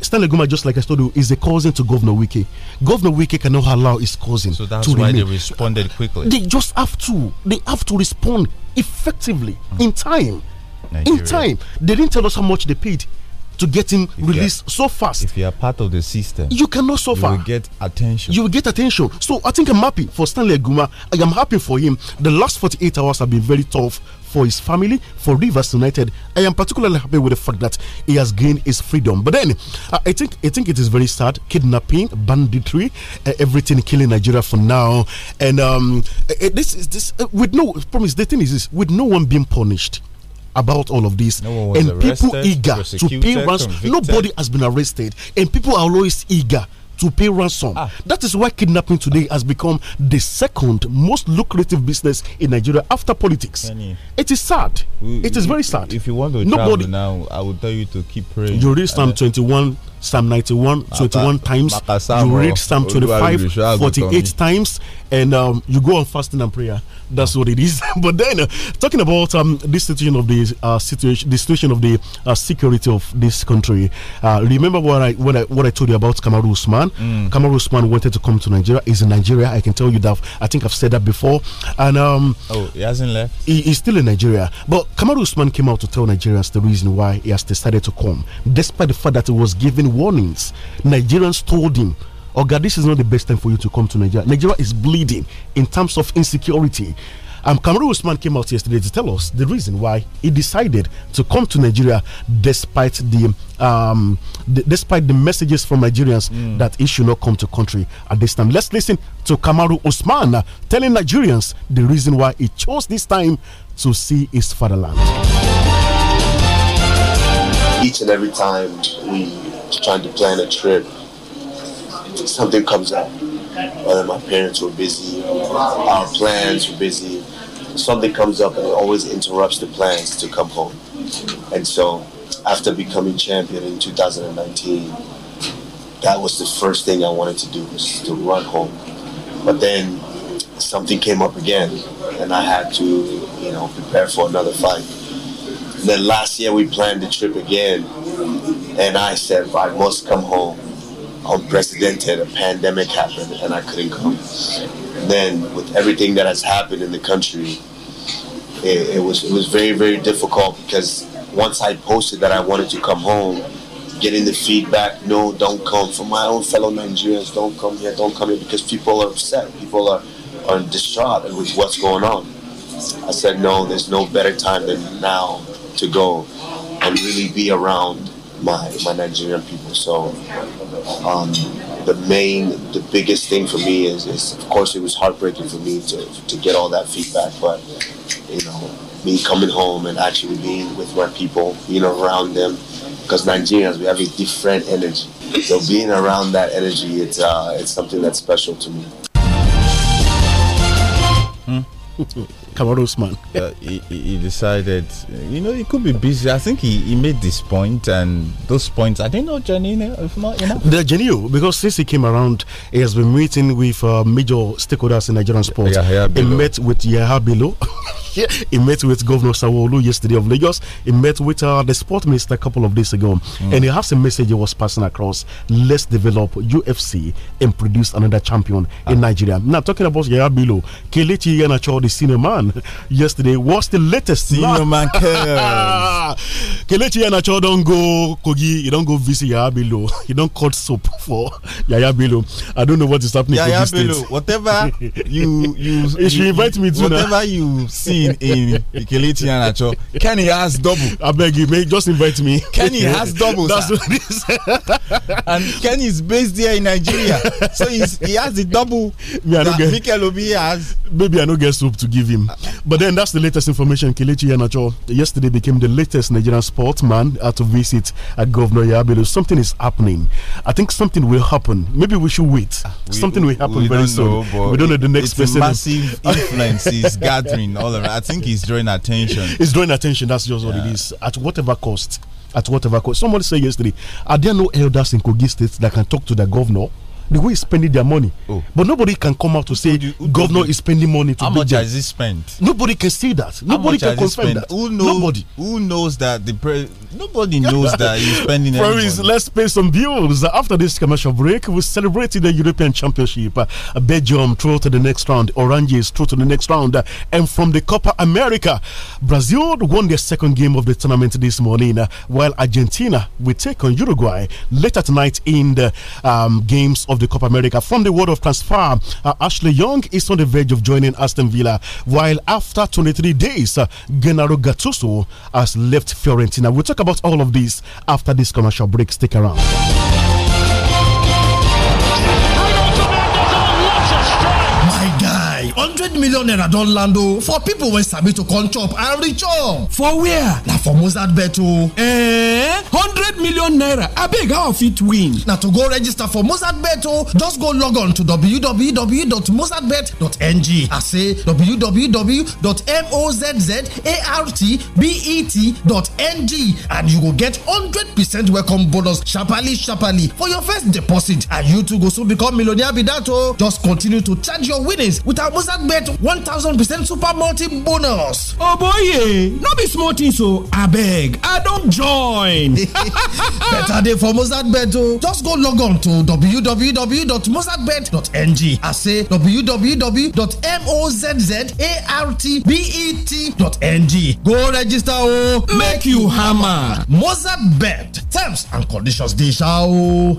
Stanley Goma, just like I told you, is a cousin to Governor Wiki. Governor Wiki cannot allow his cousin. So that's to why remain. they responded quickly. They just have to. They have to respond effectively mm. in time. Nigeria. In time, they didn't tell us how much they paid to get him if released are, so fast. If you are part of the system, you cannot suffer. You will get attention. You will get attention. So I think I'm happy for Stanley Guma. I am happy for him. The last 48 hours have been very tough for his family, for Rivers United. I am particularly happy with the fact that he has gained his freedom. But then, uh, I think I think it is very sad. Kidnapping, banditry, uh, everything killing Nigeria for now. And um, uh, this is this uh, with no promise. The thing is with no one being punished about all of this no and people eager to pay ransom nobody has been arrested and people are always eager to pay ransom. Ah. That is why kidnapping today has become the second most lucrative business in Nigeria after politics. Kenny, it is sad. We, it is we, very sad. If you want to Nobody, now, I will tell you to keep praying. You read Psalm 21. Psalm 91 21 times, you read Psalm 25 48 times, and um, you go on fasting and prayer. That's what it is. but then, uh, talking about um, this situation of the uh, situation, the situation of the uh, security of this country. Uh, remember what I what I what I told you about Kamaru Usman. Mm. Kamaru Usman wanted to come to Nigeria. He's in Nigeria. I can tell you that. I think I've said that before. And um, oh, he hasn't left. He, he's still in Nigeria. But Kamaru Usman came out to tell Nigerians the reason why he has decided to come, despite the fact that he was given warnings. Nigerians told him Oh God, this is not the best time for you to come to Nigeria. Nigeria is bleeding in terms of insecurity. Um, Kamaru Usman came out yesterday to tell us the reason why he decided to come to Nigeria despite the um, despite the messages from Nigerians mm. that he should not come to country at this time. Let's listen to Kamaru Usman telling Nigerians the reason why he chose this time to see his fatherland. Each and every time we try to plan a trip, something comes up. Whether my parents were busy, our plans were busy, something comes up and it always interrupts the plans to come home. And so, after becoming champion in 2019, that was the first thing I wanted to do was to run home. But then something came up again, and I had to, you know, prepare for another fight. And then last year we planned the trip again, and I said I must come home unprecedented. A pandemic happened and I couldn't come. then with everything that has happened in the country, it, it, was it was very very difficult because once I posted that I wanted to come home, getting the feedback, no, don't come. From my own fellow Nigerians, don't come here, don't come here because people are upset, people are are distraught with what's going on. I said no, there's no better time than now to go and really be around my my Nigerian people. So um, the main, the biggest thing for me is, is, of course, it was heartbreaking for me to to get all that feedback, but you know, me coming home and actually being with my people, being around them, because Nigerians we have a different energy. So being around that energy, it's uh, it's something that's special to me. Hmm. Cameroon's man. uh, he, he, decided, you know, he could be busy. I think he, he made this point, and those points, I didn't know Janine, if not, you know. because since he came around, he has been meeting with uh, major stakeholders in Nigerian sports. Yeah, yeah, he met with Yahya Bilo. he met with Governor Sawolu yesterday of Lagos. He met with uh, the sport minister a couple of days ago. Mm. And he has a message he was passing across. Let's develop UFC and produce another champion in ah. Nigeria. Now, talking about Yaya Bilo, Kelechi Yanacho, the senior man, yesterday was the latest. Senior man Kelechi Yanacho don't go Kogi, He don't go visit Yaya Bilo. You don't cut soap for Yaya I don't know what is happening Yaya Bilo, whatever you, you, you... invite me to Whatever now. you see in in Ikelechi Anacho. Kenny has double. I beg you, mate, just invite me. Kenny has double. That's sir. what and Kenny is based here in Nigeria, so he's, he has the double Me, that get, Mikel Obi has. Maybe I don't get soup to give him. But then that's the latest information. Kelechi Anacho yesterday became the latest Nigerian sportsman to visit at Governor Yabelo. Something is happening. I think something will happen. Maybe we should wait. Ah, we, something will happen very soon. Know, we don't know the next it's person. Massive influences gathering all around. I think he's drawing attention. He's drawing attention. That's just yeah. what it is. At whatever cost. At whatever cost. Somebody said yesterday, are there no elders in Kogi State that can talk to the governor? the way he's spending their money. Oh. But nobody can come out to say you, governor is spending money to How much has he spent? Nobody can see that. How nobody can confirm that. Who knows, nobody. Who knows that the nobody knows that he's spending Friends, let's pay some bills. After this commercial break, we celebrate the European Championship. Uh, Belgium through to the next round. Oranges through to the next round. Uh, and from the Copa America, Brazil won their second game of the tournament this morning, uh, while Argentina will take on Uruguay later tonight in the um, games of the Copa America. From the world of transfer, uh, Ashley Young is on the verge of joining Aston Villa, while after 23 days, uh, Gennaro Gattuso has left Fiorentina. We'll talk about all of this after this commercial break. Stick around. hundred million naira don land o for people wey sabi to come chop and reach up. for where? na for mozart bet o. Eh, hundred million naira abeg how i fit win? na to go register for mozart bet o just go log on to www.mozartbet.ng as say www.mozzartbet.ng and you go get hundred percent welcome bonus sharparly sharparly for your first deposit and you too go soon become millionaire be that o. just continue to charge your winnings with our mozart bet get one thousand percent super multi bonus. oh boy no be small things o oh. abeg i don join. better day for mozart bet o oh. just go log on to www.mozartbet.ng I say www.mozzartbet.ng go register o. Oh. make you hammer mozart bet terms and conditions dey sha o.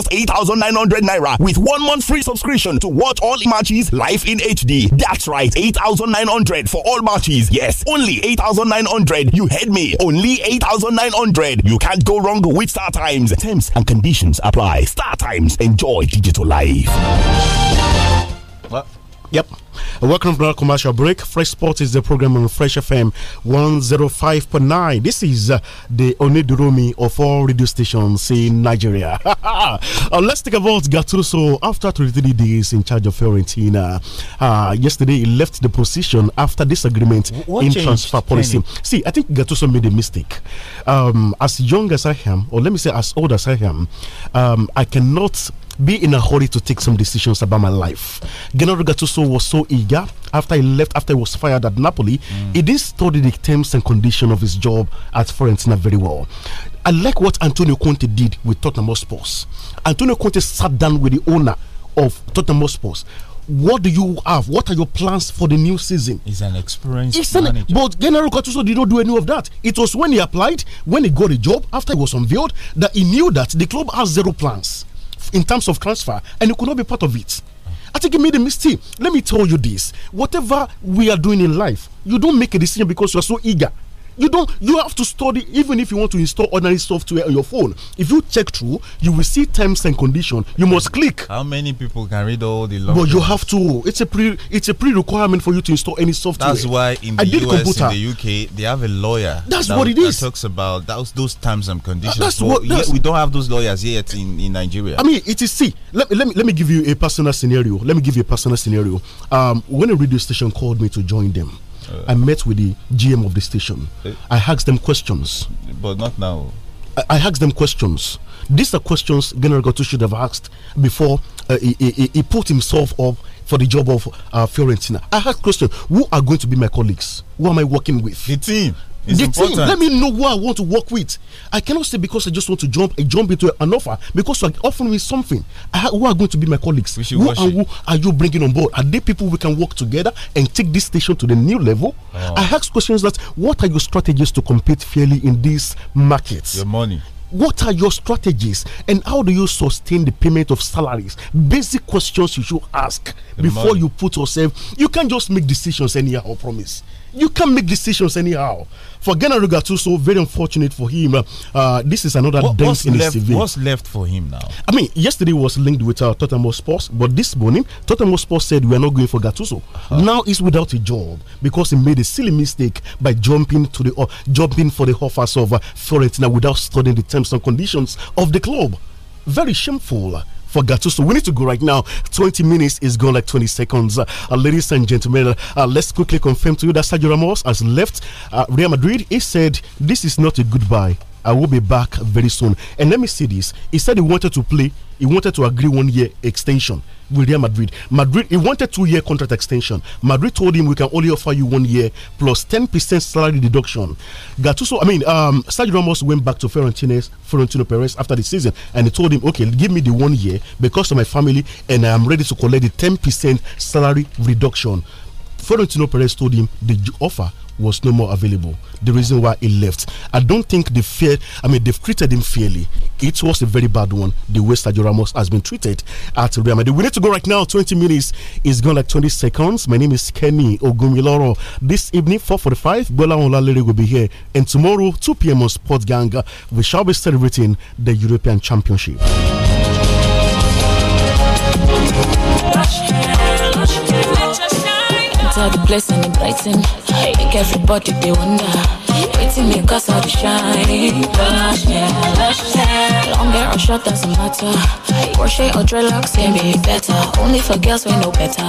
just 8,900 naira with one month free subscription to watch all matches live in HD. That's right, 8,900 for all matches. Yes, only 8,900. You heard me. Only 8,900. You can't go wrong with Star Times. Terms and conditions apply. Star Times. Enjoy digital life. What? Yep. Welcome to another commercial break. Fresh Sports is the program on Fresh FM 105.9. This is uh, the Onidurumi of all radio stations in Nigeria. uh, let's take a vote. Gattuso after 23 days in charge of Fiorentina. Uh, yesterday, he left the position after disagreement what in transfer policy. See, I think Gattuso made a mistake. Um, as young as I am, or let me say as old as I am, um, I cannot be in a hurry to take some decisions about my life. Gennaro Gattuso was so eager after he left, after he was fired at Napoli, mm. he did study the terms and condition of his job at Fiorentina very well. I like what Antonio Conte did with Tottenham Hotspur. Antonio Conte sat down with the owner of Tottenham Hotspur what do you have? What are your plans for the new season? He's an experienced It's an, manager. But Gennaro Gattuso did not do any of that. It was when he applied, when he got a job, after he was unveiled, that he knew that the club has zero plans in terms of transfer, and you could not be part of it. I think you made a mistake. Let me tell you this whatever we are doing in life, you don't make a decision because you are so eager you don't you have to study even if you want to install ordinary software on your phone. If you check through, you will see terms and condition. You must click. How many people can read all the law But you have to. It's a pre it's a pre-requirement for you to install any software. That's why in the I US, computer. in the UK, they have a lawyer. That's that, what it is. That talks about those those terms and conditions. that's what, that's, we don't have those lawyers yet in, in Nigeria. I mean, it is see. Let, let me let me give you a personal scenario. Let me give you a personal scenario. Um, when a radio station called me to join them. Uh, I met with the GM of the station. Uh, I asked them questions. But not now. I, I asked them questions. These are questions General Gotu should have asked before uh, he, he, he, put himself up for the job of uh, Fiorentina. I ask question: Who are going to be my colleagues? Who am I working with? The team. It's the important. team. Let me know who I want to work with. I cannot say because I just want to jump. I jump into an offer because you're offering me something. I, who are going to be my colleagues? Who and who are you bringing on board? Are they people we can work together and take this station to the new level? Oh. I ask questions that: What are your strategies to compete fairly in this market? Your money what are your strategies and how do you sustain the payment of salaries? Basic questions you should ask the before money. you put yourself. You can't just make decisions anyhow, promise you can't make decisions anyhow. For Ghana Rugatu, so very unfortunate for him. Uh, uh this is another what, dent in left, his CV. What's left for him now? I mean, yesterday was linked with uh, Tottenham Sports, but this morning Tottenham Sports said we are not going for Gattuso. Uh -huh. Now he's without a job because he made a silly mistake by jumping to the uh, jumping for the offers of uh, Fiorentina without studying the terms and conditions of the club. Very shameful for Gattuso. We need to go right now. 20 minutes is gone like 20 seconds. Uh, ladies and gentlemen, uh, uh, let's quickly confirm to you that Sergio Ramos has left uh, Real Madrid. He said, This is not a goodbye. I will be back very soon. And let me see this. He said he wanted to play, he wanted to agree one year extension. William Madrid. Madrid, he wanted two year contract extension. Madrid told him we can only offer you one year plus 10% salary deduction. Gattuso, I mean, um, Sergio Ramos went back to Fiorentina's, Perez after the season and he told him, okay, give me the one year because of my family and I'm ready to collect the 10% salary reduction. Florentino Perez told him the offer was no more available. The reason why he left. I don't think they fear. I mean, they've treated him fairly. It was a very bad one. The way Sergio Ramos has been treated at Real Madrid. We need to go right now. 20 minutes is gone like 20 seconds. My name is Kenny Ogumiloro. This evening, 4:45, Bola Olaleri will be here, and tomorrow, 2 p.m. on Sports Gang, we shall be celebrating the European Championship all the blessing and blighting. Make everybody they wonder. Waiting me cause all the shine. Lush, yeah, lush, yeah. Longer or short doesn't matter. Crochet or dreadlocks can be better. Only for girls we know better.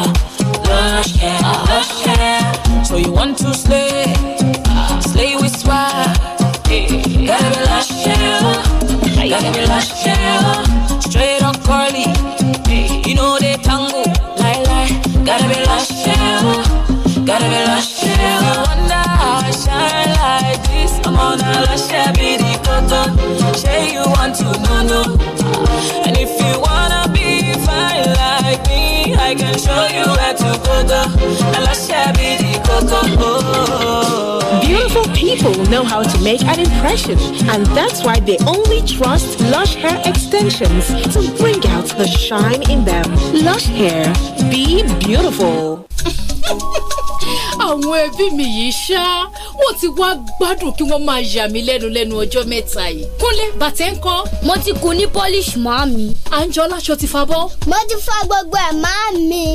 Lush, yeah, lush, yeah. So you want to slay? Slay with swag. Gotta be lush, yeah. Gotta be lush, yeah. Straight or curly. You know they tango. Lie, lie. Gotta be lush, yeah. Gotta be lush, yeah. No wonder how I shine like this. I'm on a lush, yeah, be the coco. Say you want to know, no. And if you wanna be fine like me, I can show you where to go, go. A lush, yeah, be the coco. Beautiful people know how to make an impression, and that's why they only trust Lush Hair Extensions to bring out the shine in them. Lush Hair, be beautiful. àwọn ẹbí mi yìí ṣá wọ́n ti wá gbádùn kí wọ́n máa yà mí lẹ́nu lẹ́nu ọjọ́ mẹ́ta yìí. kúnlẹ̀ bàtẹ́ ń kọ́. mo ti kun ní polish máa mi. àǹjọ láṣọ ti fa bọ́. mo ti fa gbogbo ẹ̀ máa mi.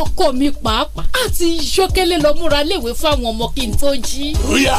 ọkọ mi pàápàá àti yọkẹlẹ lọ múra léwe fáwọn ọmọ kí n tó jí. ríà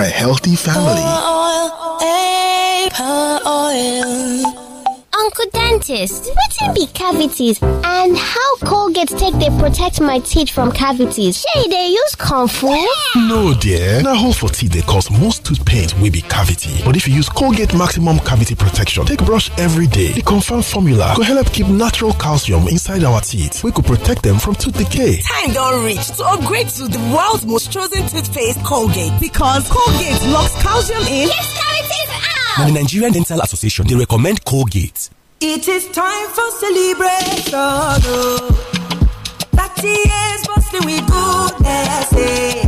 a healthy family dentist wetin be cavities and how colgate take they protect my teeth from cavities shey they use use comfort? no dear Now, hold for teeth they cause most tooth pains will be cavity but if you use colgate maximum cavity protection take brush every day the confam formula go help keep natural calcium inside our teeth We could protect them from tooth decay time don't reach to upgrade to the world's most chosen toothpaste colgate because colgate locks calcium in yes cavities out! and the nigerian dental association they recommend colgate it is time for celebration. Oh. 30 years bustling with goodness. Eh.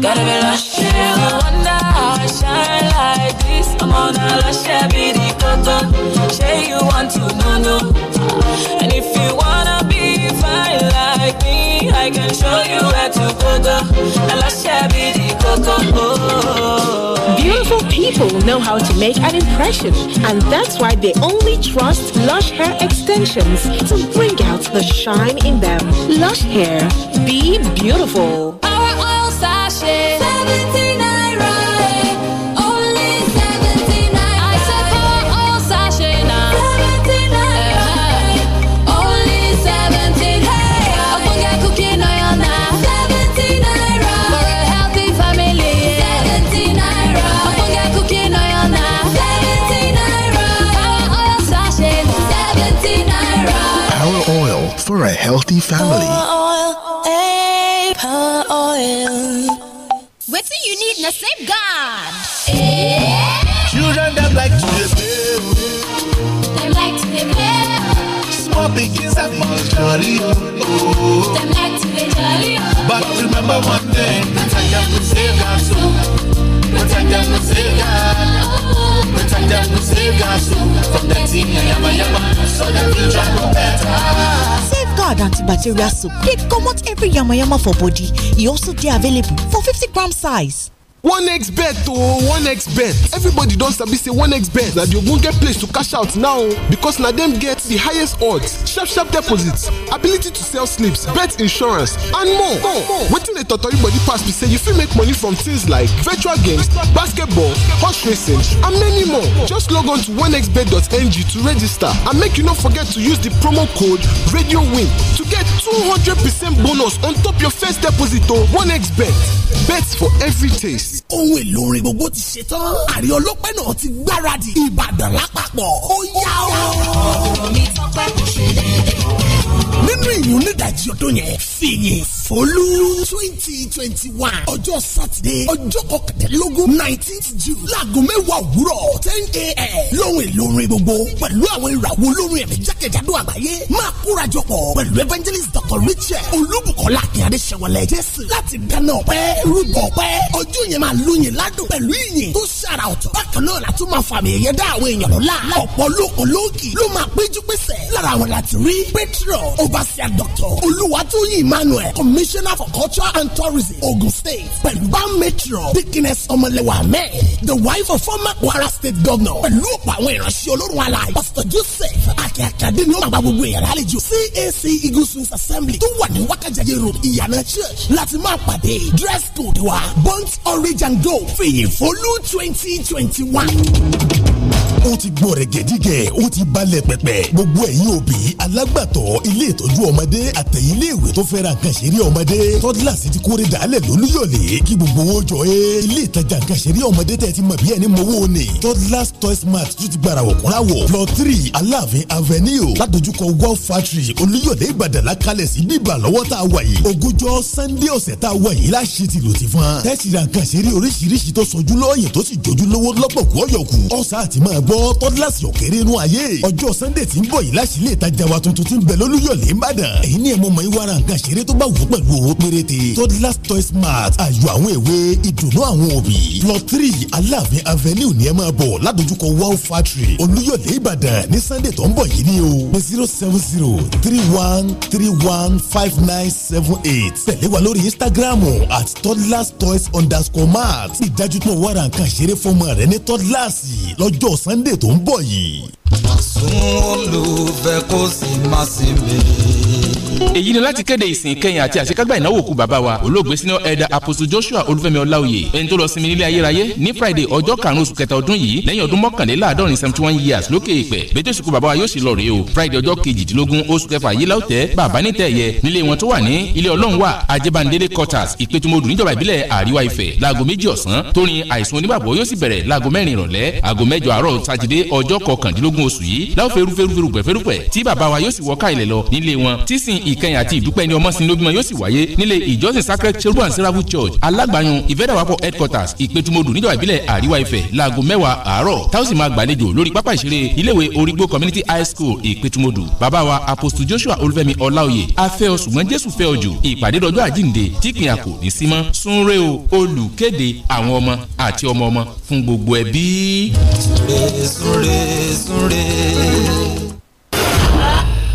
Gotta be lush, yeah. No wonder how I shine like this. I'm on a lush, yeah, be the cotton. Say you want to know, no. And if you wanna be fine like me, I can show you where to go, go. A lush, yeah, be the cotton. Oh. Beautiful people know how to make an impression, and that's why they only trust Lush Hair Extensions to bring out the shine in them. Lush Hair, be beautiful. healthy family. What do you need Now save God? Eh. Children that like to play. they like to play. Small pigs are more jolly. They like to be jolly. But remember one thing, protect them from save God. soul. Protect them from save God. soul protect them to save God. soul from the thing I am, I am, so the future will be better guard antibacterial soap dey comot every yamayama for body e also dey available for fifty gram size. onexbet ooo oh, onexbet everybody don sabi say onexbet na di ogbonge place to cash out now oh, because na dem get the highest odds sharp sharp deposits ability to sell slips bet insurance and more more wetin dey totori body pass be say you fit make money from things like virtual games basketball horse racing and many more just log on to onexbet.ng to register and make you no forget to use the promo code radio win to get 200 percent bonus on top your first deposit o oh, onexbet bet for every taste oríṣiríṣi ohun èlò orin gbogbo ti ṣe tán àrí ọlọ́pẹ́ náà ti gbáradì Ìbàdàn lápapọ̀ ó yá o. ọ̀rọ̀ mi tọ́pẹ́ kò ṣe déédéé nínú ìlú nídàjí ọdún yẹn fìyìn fọlú twenty twenty one ọjọ́ sátidé ọjọ́ kọkàndínlógún nineteenth june láago mẹ́wàá òwúrọ̀ ten a.m. lóhùn èlò orin gbogbo pẹ̀lú àwọn ìràwọ̀ olórin ẹ̀mí jákèjádò àgbáyé máa kóra jọ pọ̀ pẹ̀lú evangelist dr richard olúbùkọ́lá akínyàdé sẹ̀wọ̀lẹ̀ jésù láti dáná ọpẹ́ rúbọ ọpẹ́ ọjọ́ yẹn máa lóyin ládùn pẹ̀lú ìyìn tó ṣàrà ọ̀tọ̀ bákan náà látún máa fàmì ẹ̀yẹ dá àwọn èèyàn lọ́la ọ̀pọ̀ lóko lóòkì ló máa péjú pèsè lára àwọn láti rí pétrọ̀ Road, Overseer Doctor Oluwatoyin Emmanuel, Commissioner for Culture and Tourism, Ogun State. Pẹ̀lúbá Metro, Dickiness Ọmọlẹ́wà Ahmed, the wife of former Kwara State Governor. Pẹ̀lú ọ̀pọ̀ àwọn ìránṣẹ́ olórun aláì. Pastor Joseph Akíakíadé ni ó máa gba gbogbo èèyàn lálejò. CAC Eagle Swings Assembly tó wà ní Wákàjáde Road, Ìyànà Church láti máa pàdé. Dress code wa, burnt orange and gold, fìyìn fólú twenty twenty one ó ti gbọ̀n rẹ̀ gẹ̀dígẹ̀ ó ti balẹ̀ pẹ̀pẹ̀ gbogbo ẹ̀yin òbí alágbàtọ́ ilé ìtọ́jú ọmọdé àtẹ̀yìn ilé ìwé tó fẹ́ra nǹkan ṣeré ọmọdé tọ́dílàsì ti kórè dàálẹ̀ lólúyọ̀lé kí gbogbo owó jọ ẹ́ ilé ìtajà nǹkan ṣeré ọmọdé tẹ̀ ti mọ̀ bí ẹni mọ̀wó ni tọ́dílàs toys mart tún ti gbàrà wọ̀kúnráwọ̀ plot three aláàfin avenue ládojúkọ wow factory olúyọ̀lé ìbàdàn lákàlẹ̀ sí bíbà lọ́wọ́ tá a wà yìí ogúnjọ́ sunday ọ̀sẹ̀ tá a wà yìí láṣẹ ti lò ti fún wa tẹ́sí ra nǹkan ṣeré oríṣiríṣi tó sọjú lọ́ọ̀yìn tó sì jojú lówó lọ́pọ̀ kú ọ̀yọ̀kù ọ̀sà àti máa b bọ́ toddlers yọ̀kẹ́rẹ́ inú ayé ọjọ́ sunday tí ń bọ̀ yìí láti ilé ìtajà wa tuntun tí ń bẹ lólúyọ̀lé ìbàdàn èyí ni ẹ̀ mọ̀ ìwara nǹkan ṣeré tó bá wù ú pẹ̀lú owó péréte toddlers toys mart ayọ̀ àwọn èwe ìdùnnú àwọn òbí plot three aláàfin avenue ní ẹ máa bọ̀ ládojúkọ wow factory olúyọ̀lé ìbàdàn ní sunday tó ń bọ̀ yìí ni o pé zero seven zero three one three one five nine seven eight tẹ̀lé wa lórí instagram at toddlers toys underscore mart ìdájú tó wàrà nǹkan ṣeré fọmọ rẹ ní toddlers lọ́jọ́ sunday Sunday tó ń bọ̀ yìí. Pàṣẹ olùfẹ́ kò sí máa sinmi èyí ni láti kéde ìsìn kẹyìn àti àṣekágbá ìnáwó òkú bàbá wa olóògbé senior elder apostle joshua olúfẹ́mi ọláòyè ẹni tó lọ sinmi nílé ayérayé ní friday ọjọ́ karùn-ún oṣù kẹta ọdún yìí lẹ́yìn ọdún mọ́kànléláàádọ́rin seventy one years lókè ìpẹ́ bẹ́tẹ̀ sùkú bàbá wa yóò sì lọ rèé o friday ọjọ́ kejìdínlógún oṣù kẹfà yìí láwùtẹ́ bàbá nítẹ̀ yẹ nílé wọn tó wà ní ilé ọlọ́run wà ajébándélé quarters ìpètùmọ̀dù níjọba ìbílẹ̀ àríwá ifẹ̀ láago méjì ọ̀sán tórin àìsùn onígbàgbọ́ yóò sì bẹ̀rẹ̀ láago mẹ́rin ìrọ̀lẹ́ aago mẹ́jọ àárọ̀ sátidé ọjọ́ kọkàndínlógún oṣù yìí láwùfẹ́rúfẹ́rúfẹ́rúgbẹ̀fẹ́rúgbẹ̀ tí bàbá wa yóò sì wọ́ká ilẹ̀ lọ nílé wọn ìkẹyìn àti ìdúpẹ́ ní ọmọ sinmi lójúmọ́ yóò sì wáyé nílé ìjọsìn sacred cherubim and seraphim church alágbàyàn ìfẹ́dàwápọ̀ headquarters ìpẹtùmọdù níjọba ìbílẹ̀ àríwá ifẹ̀ láago mẹ́wàá àárọ̀ táwùsì máa gbàlejò lórí pápá ìṣeré iléèwé orígbó community high school ìpẹtùmọdù bàbá wa apostle joshua olúfẹ́mi ọláòyè afẹ́ ọ ṣùgbọ́n jésù fẹ́ ọ jù ìpàdé dọjọ́ àjíǹde tí kìnyà kò ní sí mọ́ súnrẹ́ o olùkéde àwọn ọmọ àti ọmọ ọmọ fún gbogbo ẹbí. súnrẹ́ súnrẹ́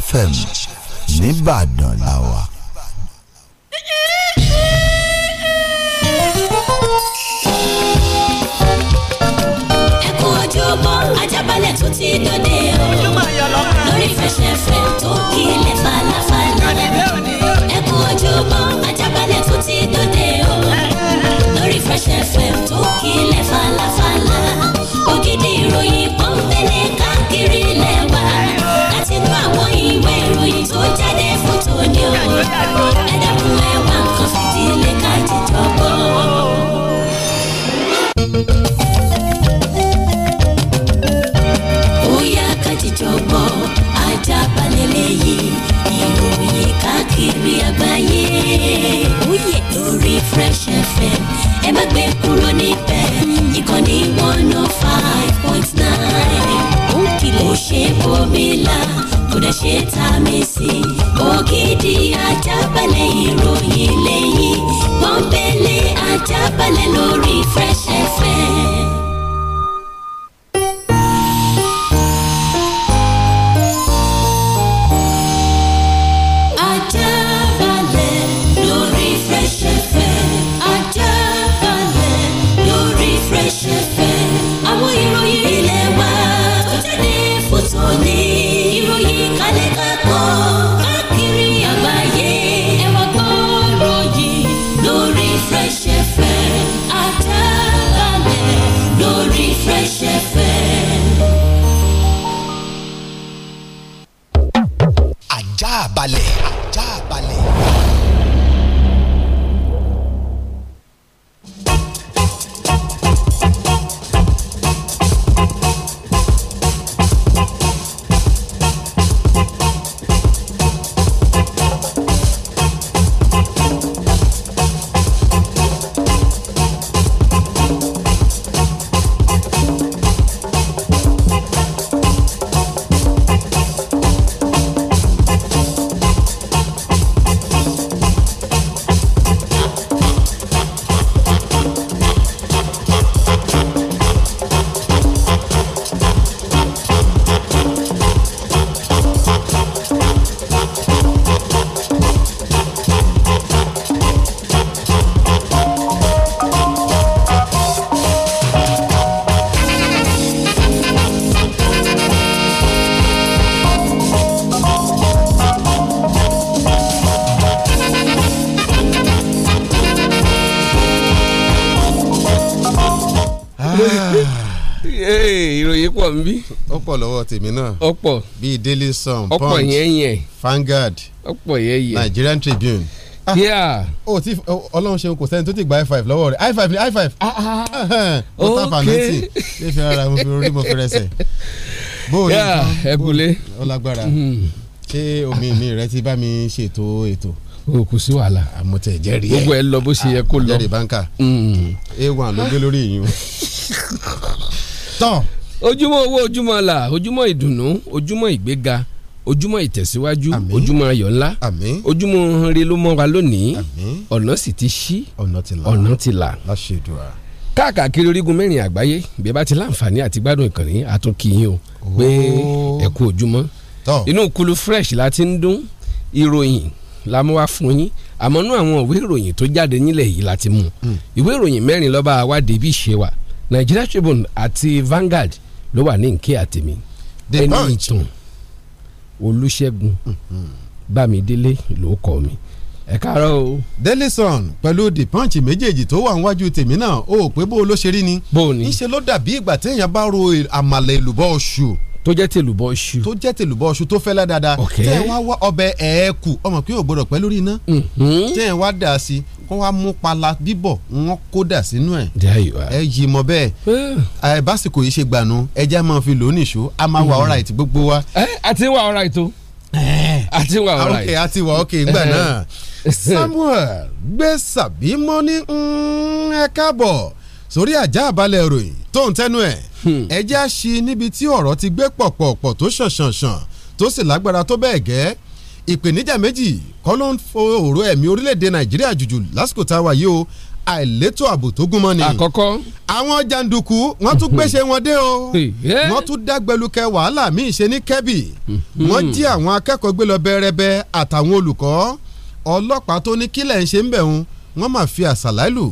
FM. pọ̀ lọ́wọ́ tèmi náà ó pọ̀ bíi Daily Sun Punch Vanguard Nigerian Tribune ah, o ti ọlọ́run ṣeun kò sẹ́ni tó ti gba high five lọ́wọ́ rẹ̀ high five high five ah, ah, mo ta fanati lè fi ara mo fi orí mo fi rẹsẹ̀ bóòlù ẹ̀kúlé ọlágbára ṣé omi mi rẹ ti bá mi ṣètò ètò o kò sí wàhálà àmọ̀tẹ̀ jẹ́rìí ẹ̀ gbogbo ẹ lọ bó ṣe yẹ kó lọ jẹ́rìí báńkà mm. a one ló gbé lórí yìí tán ojúmọ́ owó ojúmọ́ là ojúmọ́ ìdùnnú ojúmọ́ ìgbéga ojúmọ́ ìtẹ̀síwájú ojúmọ́ ayọ̀ ńlá ojúmọ́ ló mọ́ wa lónìí ọ̀nà sì ti ṣí ọ̀nà ti là káàkiri orígun mẹ́rin àgbáyé bí ẹ bá ti láǹfààní àti gbádùn ìkànnì àtúnkìyìn o pé ẹ kú ojúmọ́ inú kulu fresh la ti ń dún ìròyìn la mú wá fún yín àmọ́ nú àwọn ìwé ìròyìn tó jáde nílẹ̀ yìí la ti mú hmm. ìwé ìròyìn mẹ́rin lọ́ba àwádìí bí ṣe wà Nigeria Tribune àti Vanguard ló wà ní nkí àtẹ̀mí ẹni ìtàn olùṣègùn hmm. bámidélé ló kọ́ mi ẹ káàárọ̀ o. Daily Sun pẹ̀lú the punch méjèèjì tó wà níwájú tèmi náà ó pé bó ló ṣe rí ni. bó o ní. ńṣe ló dàbí ìgbà téèyàn bá ro àmàlẹ̀ ìlùbọ́ oṣù tó jẹ́ tèlùbọ̀ ṣu. tó jẹ́ tèlùbọ̀ ṣu tó fẹ́lẹ́ dáadáa. ok tẹ́ ẹ wá wá ọbẹ̀ ẹ̀ẹ́kù ọmọ pé ò gbọdọ̀ pẹ́ lórí iná. Mhm. tẹ́ ẹ wá dà sí kó wá mú pala bíbọ̀ wọ́n kódà sínú ẹ̀ ẹ yìí mọ bẹ́ẹ̀ ẹ básìkò yìí ṣe gbànú ẹja máa fi lò ó nìṣó a máa wà ọ̀rá hmm. ìtì gbogbo wa. ẹ àti wà ọ̀rá ìtò àti wà ọ̀rá ìtò àti wà ọ̀kẹ́ ìgbà náà Samuel gbé sàbímọ́ ní hmm, ẹ káàbọ̀ sórí àjà àbálẹ̀ ìròyìn tó ń tẹ́nu ẹ̀ hmm. ẹja ṣí níbi tí ọ̀rọ̀ ti gbé pọ̀pọ̀pọ̀ tó ṣànṣànṣàn tó sì lágbára tó bẹ́ẹ̀ gẹ́ẹ́ ìpèníjà méjì kọ́ ló ń fo òró ẹ̀mí orílẹ̀-èdè nàìjíríà jùjù lásìkò tá a wà yìí o àìletò ààbò tó gún mọ́ ni. àkọ́kọ́. àwọn jàǹdùkú wọ́n tún gbéṣe wọn dé o wọ́n tún dágbẹ́lukẹ́ wàhálà míì ṣe ní kẹ́bì mm-hmm. wọ́n jí àwọn akẹ́kọ̀ọ́ gbé lọ bẹ́rẹ́bẹ́ àtàwọn olùkọ́ ọlọ́pàá tó ní kílẹ̀ ń ṣe ń bẹ̀ wọn wọ́n máa fi àṣàlálù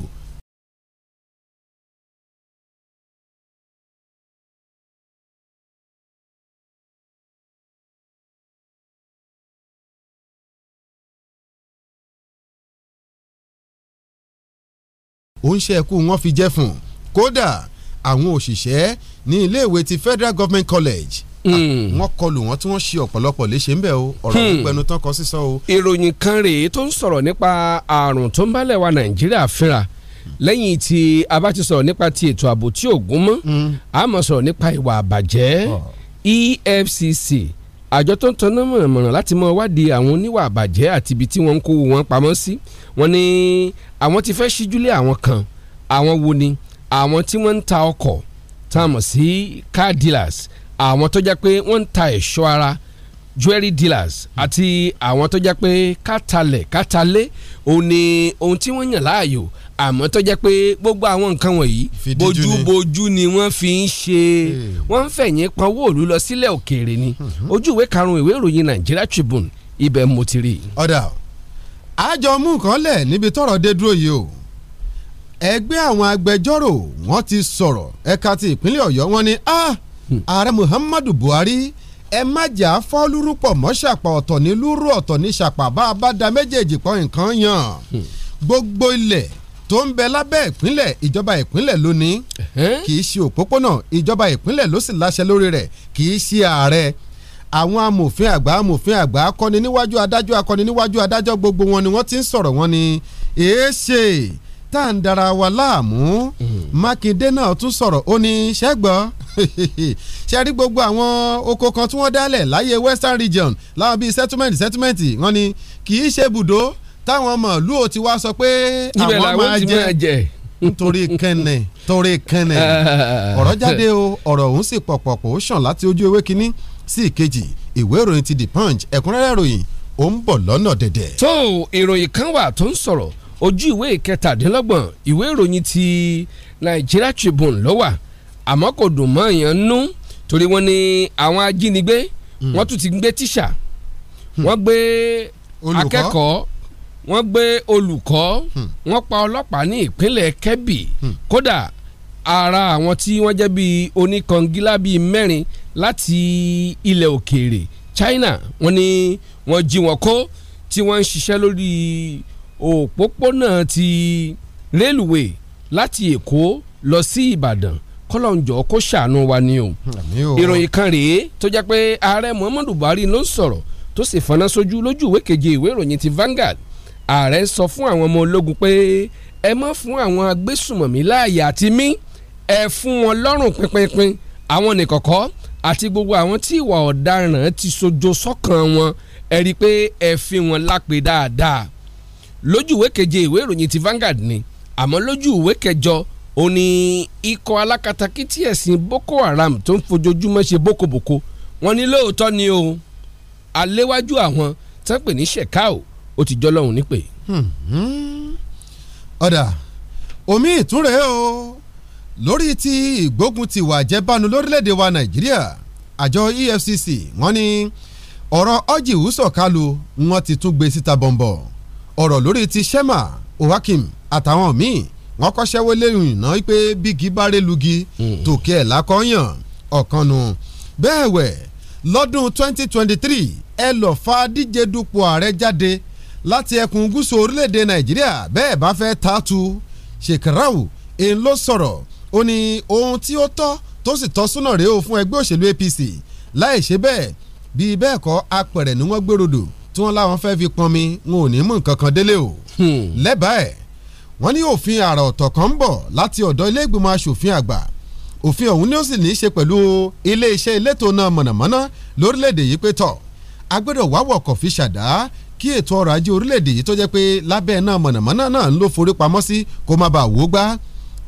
ó ń ṣe ẹ̀kú wọn fi jẹ́ fún kódà àwọn òṣìṣẹ́ ní iléèwé ti Federal Government College hmm. ah, wọ́n kọlù wọ́n tí wọ́n ṣe ọ̀pọ̀lọpọ̀ léṣe ńbẹ o ọ̀rọ̀ ìpẹnu hmm. tán kọ sísọ o. ìròyìn kan rèé tó ń sọ̀rọ̀ nípa àrùn tó ń bálẹ̀ wa Nàìjíríà fínra lẹ́yìn tí a bá ti sọ̀rọ̀ nípa ti ètò ààbò tí ò gún mọ́ hmm. a máa sọ̀rọ̀ nípa ìwà àbàjẹ́ EFCC àjọ tó ń tanná mọ̀rànmọ̀ràn láti mọ wádìí àwọn oníwà àbàjẹ́ àti ibi tí wọ́n ń kó wọn pamọ́ sí wọ́n ní àwọn ti fẹ́ ṣíjúlé àwọn kan àwọn wo ni àwọn tí wọ́n ń ta ọkọ̀ tá a mọ̀ sí car dealers àwọn tó jẹ́ pé wọ́n ń ta ẹ̀ṣọ́ ara jewelry dealers àti àwọn tó jẹ́ pé kátàlẹ̀ kátàlẹ̀ òun ohun tí wọ́n yàn láàyò àmọ́ tó jẹ́ pé gbogbo àwọn nǹkan wọ̀nyí bójúbójú ni wọ́n fi ń ṣe hmm. wọ́n ń fẹ̀yìn panwó òlu lọ sílẹ̀ òkèèrè ni hmm. ojú ìwé karùn ìwé ìròyìn Nigeria Tribune ibẹ̀ mo ti rí. ọ̀dà àjọ mú nǹkan lẹ̀ níbi tọ́rọ̀ dé dúró yìí o ẹgbẹ́ àwọn agbẹjọ́rò wọ́n ti sọ̀rọ̀ ẹ̀ka ti ìpínlẹ̀ Ọ̀yọ́ wọ́n ní hmm. ààrẹ Muhammadu Buhari ẹ má jà fọ́lúrúpọ̀ mọ́ ṣàpà ọ̀tọ̀ ní lúrú ọ̀tọ̀ ní ṣàpà bá a bá da méjèèjì pọ̀ nǹkan yàn gbogbo ilẹ̀ tó ń bẹ lábẹ́ ìpínlẹ̀ ìjọba ìpínlẹ̀ ló ní kì í ṣe òpópónà ìjọba ìpínlẹ̀ ló sì láṣẹ lórí rẹ̀ kì í ṣe ààrẹ àwọn amòfin àgbà amòfin àgbà akọni níwájú adájọ́ akọni níwájú adájọ́ gbogbo wọn ni wọ́n ti ń sọ̀rọ̀ wọn ni èéṣe tá à ń dara wa láàmú hmm. mákindé náà tún sọ̀rọ̀ ó ní ṣẹ́gbọ́ ṣe rí gbogbo àwọn oko kan tí wọ́n dálẹ̀ láyé western region láwọn bíi settlement settlement wọ́n ní kì í ṣe bùdó táwọn mọ̀lú ò ti wá sọ pé àwọn máa jẹ nítorí kẹ́nẹ̀ torí kẹ́nẹ̀ ọ̀rọ̀ jáde o ọ̀rọ̀ ọ̀hún sì pọ̀pọ̀pọ̀ ó sàn láti ojú ewé kínní sí ìkejì ìwé ìròyìn ti the punch ẹ̀kúnrẹ́rẹ́ ìròyìn ó ń bọ̀ lọ́nà dẹ̀dẹ̀. tó ìròyìn kan wà tó ń sọ̀rọ̀ ojú ìwé ìkẹtàdínlọ́gbọ̀n ìwé ìròyìn ti Nigeria Tribune ló wà àmọ́ kò dùn mọ́ èèyàn nú torí wọ́n ní àwọn ajínigbé hmm. wọ́n tún ti gbé tíṣà wọ́n gbé akẹ́kọ̀ọ́ wọ́n gbé olùkọ́ hmm. wọ́n pa ọlọ́pàá ní ìpínlẹ̀ Kebbi hmm. kódà ara àwọn tí wọ́n jẹ́ bíi oníkangilá bíi mẹ́rin láti ilẹ̀ òkèèrè China wọ́n ní wọ́n jí wọn kó tí wọ́n ń ṣiṣẹ́ lórí òpópónà ti rélùwé láti Èkó lọ sí Ìbàdàn kọlọ́njọ́ kó ṣàánú wa ni hmm, o ìròyìn kan rèé tó jẹ́ pé ààrẹ Muhammadu Buhari ló ń sọ̀rọ̀ tó sì fọnà sójú lójú ìwé keje ìwé ìròyìn ti Vanguard ààrẹ sọ fún àwọn ọmọ ológun pé ẹ má fún àwọn agbésùmọ̀mí láàyè àti mí ẹ fún wọn lọ́rùn pínpínpín àwọn nìkọ̀kọ́ àti gbogbo àwọn tí ìwà ọ̀daràn ti sojo sọ́kàn wọn ẹ rí i pé ẹ fi wọn lápè dáadáa lójú ìwé keje ìwé ìròyìn ti Vanguard ni àmọ́ lójú kẹjọ ó ní ikọ̀ alákatakí tí ẹ̀sìn Boko Haram tó ń fojoojúmọ́ ṣe bókobòko wọ́n ní lóòótọ́ ni o aléwájú àwọn tán pè ní Shekau ó ti jọ́lọ́hún nípè. Hmm. ọ̀dà omi ìtúnrẹ́ o lórí ti ìgbógun ti wà jẹ́bánu lórílẹ̀‐èdè wa nàìjíríà àjọ EFCC wọ́n ní ọ̀rọ̀ ọ́jì wùsọ̀kálu wọ́n ti tún gbé síta bọ̀m̀bọ̀ ọ̀rọ̀ lórí ti Shema Owakim àtàwọn míì wọ́n kọ́ṣẹ́ wọlé ìrìnà pé bígi bá rélugi hmm. tòkè ẹ̀ lákọ́yàn ọ̀kan nu bẹ́ẹ̀ wẹ̀ lọ́dún 2023 ẹ lọ́ọ́ fa díje dupò ààrẹ jáde láti ẹkùn gúúsù orílẹ̀-èdè nàìjíríà bẹ́ẹ̀ bá fẹ́ tààtù ṣèkìráwù èyí ló sọ̀rọ̀ ó ní ohun tí ó tọ́ tó sì tọ́ súnà rèé o fún ẹgbẹ́ òṣèlú APC láì ṣe bẹ́ẹ̀ bíi bẹ́ẹ̀ kọ́ apẹ̀rẹ̀ ni wọ́n gbèròdò tí wọ́n láwọn fẹ́ fi pọnmi wọn ò ní mú nǹkan kan délé o hmm. lẹ́bàá ẹ̀ wọ́n ní òfin àrà ọ̀tọ̀ kan ń bọ̀ láti ọ̀dọ̀ ilé ìgbìmọ̀ asòfin àgbà òfin ọ̀hún ni ó sì ní í ṣe pẹ̀lú iléeṣẹ́ elétò náà mọ̀nàmọ́ná lórílẹ̀‐èdè yìí pé tọ̀ a wáwọ̀ kọ̀ fi ṣàdá kí ètò ọrọ̀ ajé orílẹ̀-èdè yìí tó jẹ́ pé lábẹ́ náà mọ̀nàmọ́ná náà ń lọ forí pamọ́ sí kó má bàa wó gbá